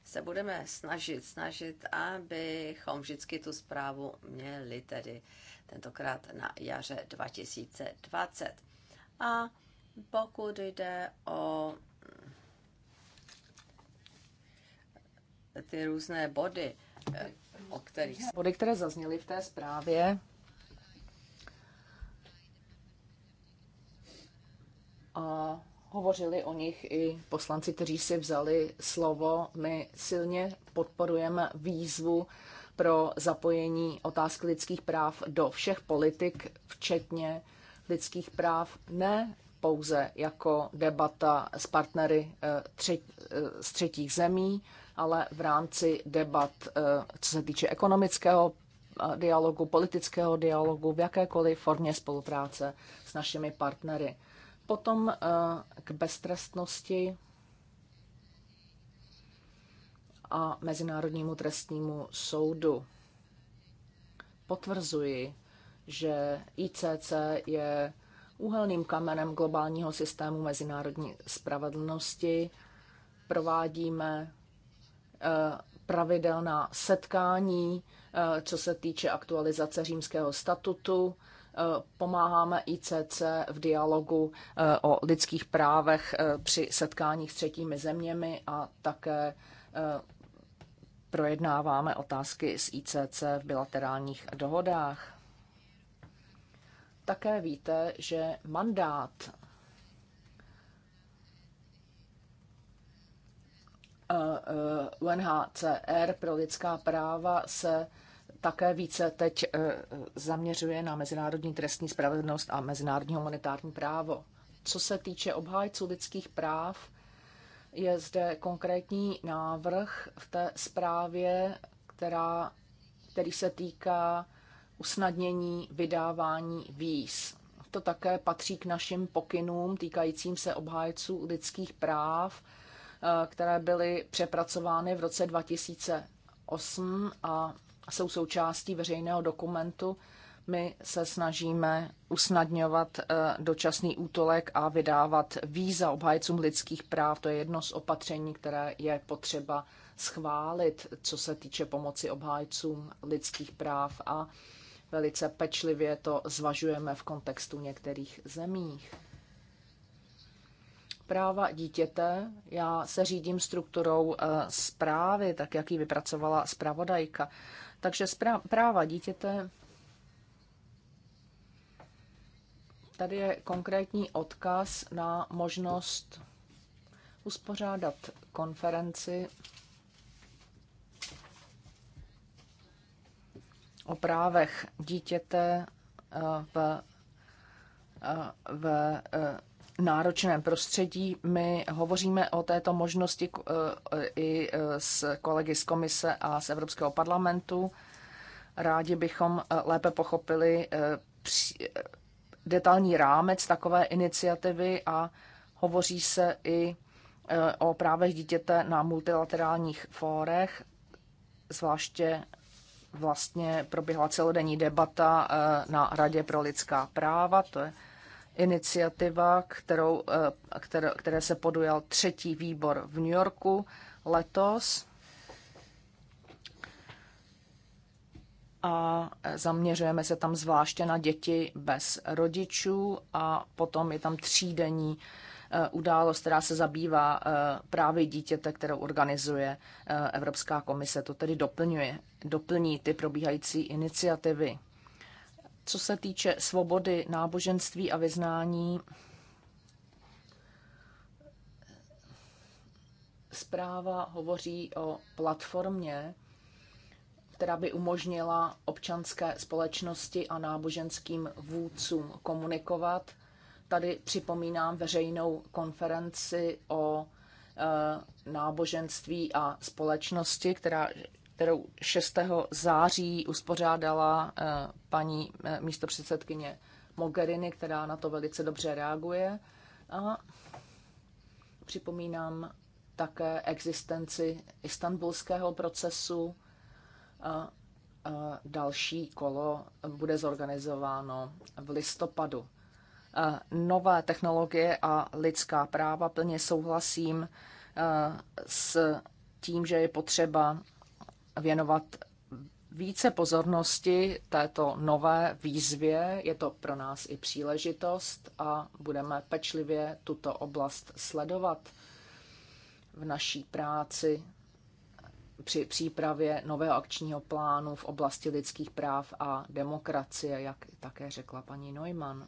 se budeme snažit, snažit, abychom vždycky tu zprávu měli tedy tentokrát na jaře 2020. A pokud jde o ty různé body, eh, o kterých... Body, které zazněly v té zprávě, a hovořili o nich i poslanci, kteří si vzali slovo. My silně podporujeme výzvu pro zapojení otázky lidských práv do všech politik, včetně lidských práv, ne pouze jako debata s partnery eh, eh, z třetích zemí, ale v rámci debat, eh, co se týče ekonomického eh, dialogu, politického dialogu, v jakékoliv formě spolupráce s našimi partnery. Potom eh, k beztrestnosti a Mezinárodnímu trestnímu soudu. Potvrzuji, že ICC je úhelným kamenem globálního systému mezinárodní spravedlnosti. Provádíme Eh, pravidelná setkání, eh, co se týče aktualizace římského statutu. Eh, pomáháme ICC v dialogu o lidských právech při setkáních s třetími zeměmi a také projednáváme otázky s ICC v bilaterálních dohodách. Také víte, že mandát E, e, UNHCR pro lidská práva se také více teď e, zaměřuje na mezinárodní trestní spravedlnost a mezinárodní humanitární právo. Co se týče obhájců lidských práv, je zde konkrétní návrh v té zprávě, která, který se týká usnadnění vydávání víz. To také patří k našim pokynům týkajícím se obhájců lidských práv Eh, které byly přepracovány v roce 2008 a jsou součástí veřejného dokumentu. My se snažíme usnadňovat eh, dočasný útolek a vydávat víza obhájcům lidských práv. To je jedno z opatření, které je potřeba schválit, co se týče pomoci obhájcům lidských práv a velice pečlivě to zvažujeme v kontextu některých zemích. Práva dítěte, já se řídím strukturou eh, zprávy, tak jak ji vypracovala zpravodajka. Takže práva dítěte, tady je konkrétní odkaz na možnost uspořádat konferenci o právech dítěte eh, v, eh, v náročném prostředí. My hovoříme o této možnosti eh, i eh, s kolegy z komise a z Evropského parlamentu. Rádi bychom eh, lépe pochopili detailní rámec takové iniciativy a hovoří se i o právech dítěte na multilaterálních fórech, zvláště vlastně proběhla celodenní debata na Radě pro lidská práva, to je iniciativa, kterou, eh, které, které se podujal třetí výbor v New Yorku letos. A zaměřujeme se tam zvláště na děti bez rodičů a potom je tam třídenní eh, událost, která se zabývá eh, právě dítěte, kterou organizuje Evropská komise. To tedy doplňuje, doplní ty probíhající iniciativy. Co se týče svobody náboženství a vyznání, zpráva hovoří o platformě, která by umožnila občanské společnosti a náboženským vůdcům komunikovat. Tady připomínám veřejnou konferenci o eh, náboženství a společnosti, která kterou 6. září uspořádala eh, paní eh, místopředsedkyně Mogherini, která na to velice dobře reaguje. A připomínám také existenci istanbulského procesu. A další kolo bude zorganizováno v listopadu. Nové technologie a lidská práva plně souhlasím eh, s tím, že je potřeba věnovat více pozornosti této nové výzvě. Je to pro nás i příležitost a budeme pečlivě tuto oblast sledovat v naší práci při přípravě nového akčního plánu v oblasti lidských práv a demokracie, jak také řekla paní Neumann.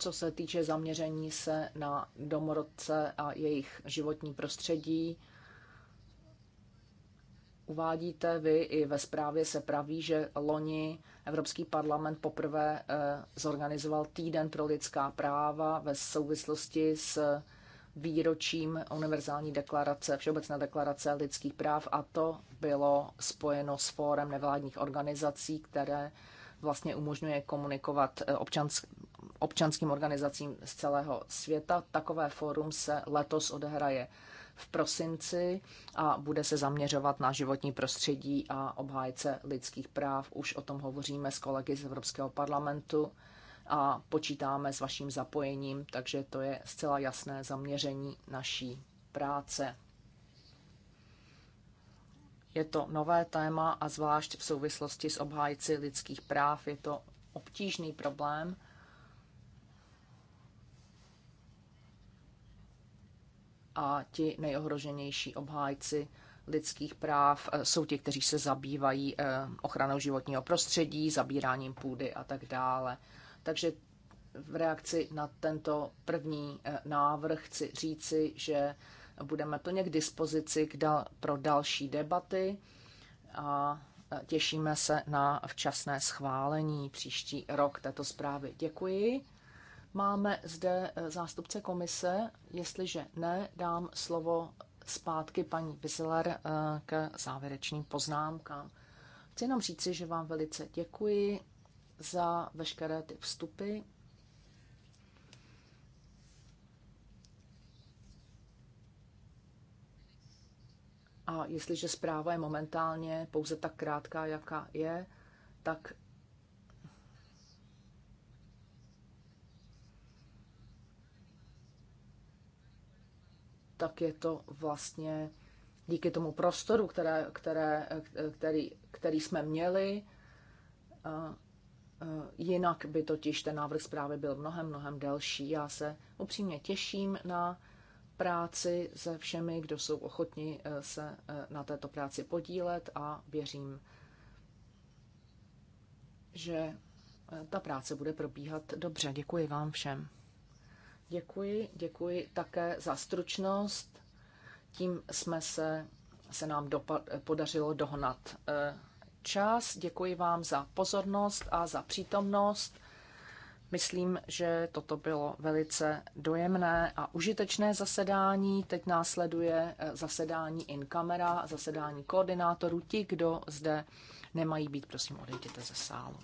co se týče zaměření se na domorodce a jejich životní prostředí. Uvádíte vy i ve zprávě se praví, že loni Evropský parlament poprvé eh, zorganizoval Týden pro lidská práva ve souvislosti s výročím Univerzální deklarace, Všeobecné deklarace lidských práv a to bylo spojeno s fórem nevládních organizací, které vlastně umožňuje komunikovat eh, občansk, občanským organizacím z celého světa. Takové fórum se letos odehraje v prosinci a bude se zaměřovat na životní prostředí a obhájce lidských práv. Už o tom hovoříme s kolegy z Evropského parlamentu a počítáme s vaším zapojením, takže to je zcela jasné zaměření naší práce. Je to nové téma a zvlášť v souvislosti s obhájci lidských práv je to obtížný problém, a ti nejohroženější obhájci lidských práv eh, jsou ti, kteří se zabývají eh, ochranou životního prostředí, zabíráním půdy a tak dále. Takže v reakci na tento první eh, návrh chci říci, že budeme plně k dispozici pro další debaty a těšíme se na včasné schválení příští rok této zprávy. Děkuji. Máme zde eh, zástupce komise. Jestliže ne, dám slovo zpátky paní Vizeler eh, k závěrečným poznámkám. Chci jenom říci, že vám velice děkuji za veškeré ty vstupy. A jestliže zpráva je momentálně pouze tak krátká, jaká je, tak tak je to vlastně díky tomu prostoru, které, které, který, který jsme měli. Jinak by totiž ten návrh zprávy byl mnohem, mnohem delší. Já se upřímně těším na práci se všemi, kdo jsou ochotni e, se e, na této práci podílet a věřím, že e, ta práce bude probíhat dobře. Děkuji vám všem. Děkuji, děkuji také za stručnost. Tím jsme se, se nám dopad, podařilo dohnat eh, čas. Děkuji vám za pozornost a za přítomnost. Myslím, že toto bylo velice dojemné a užitečné zasedání. Teď následuje eh, zasedání in camera, zasedání koordinátorů. Ti, kdo zde nemají být, prosím, odejděte ze sálu.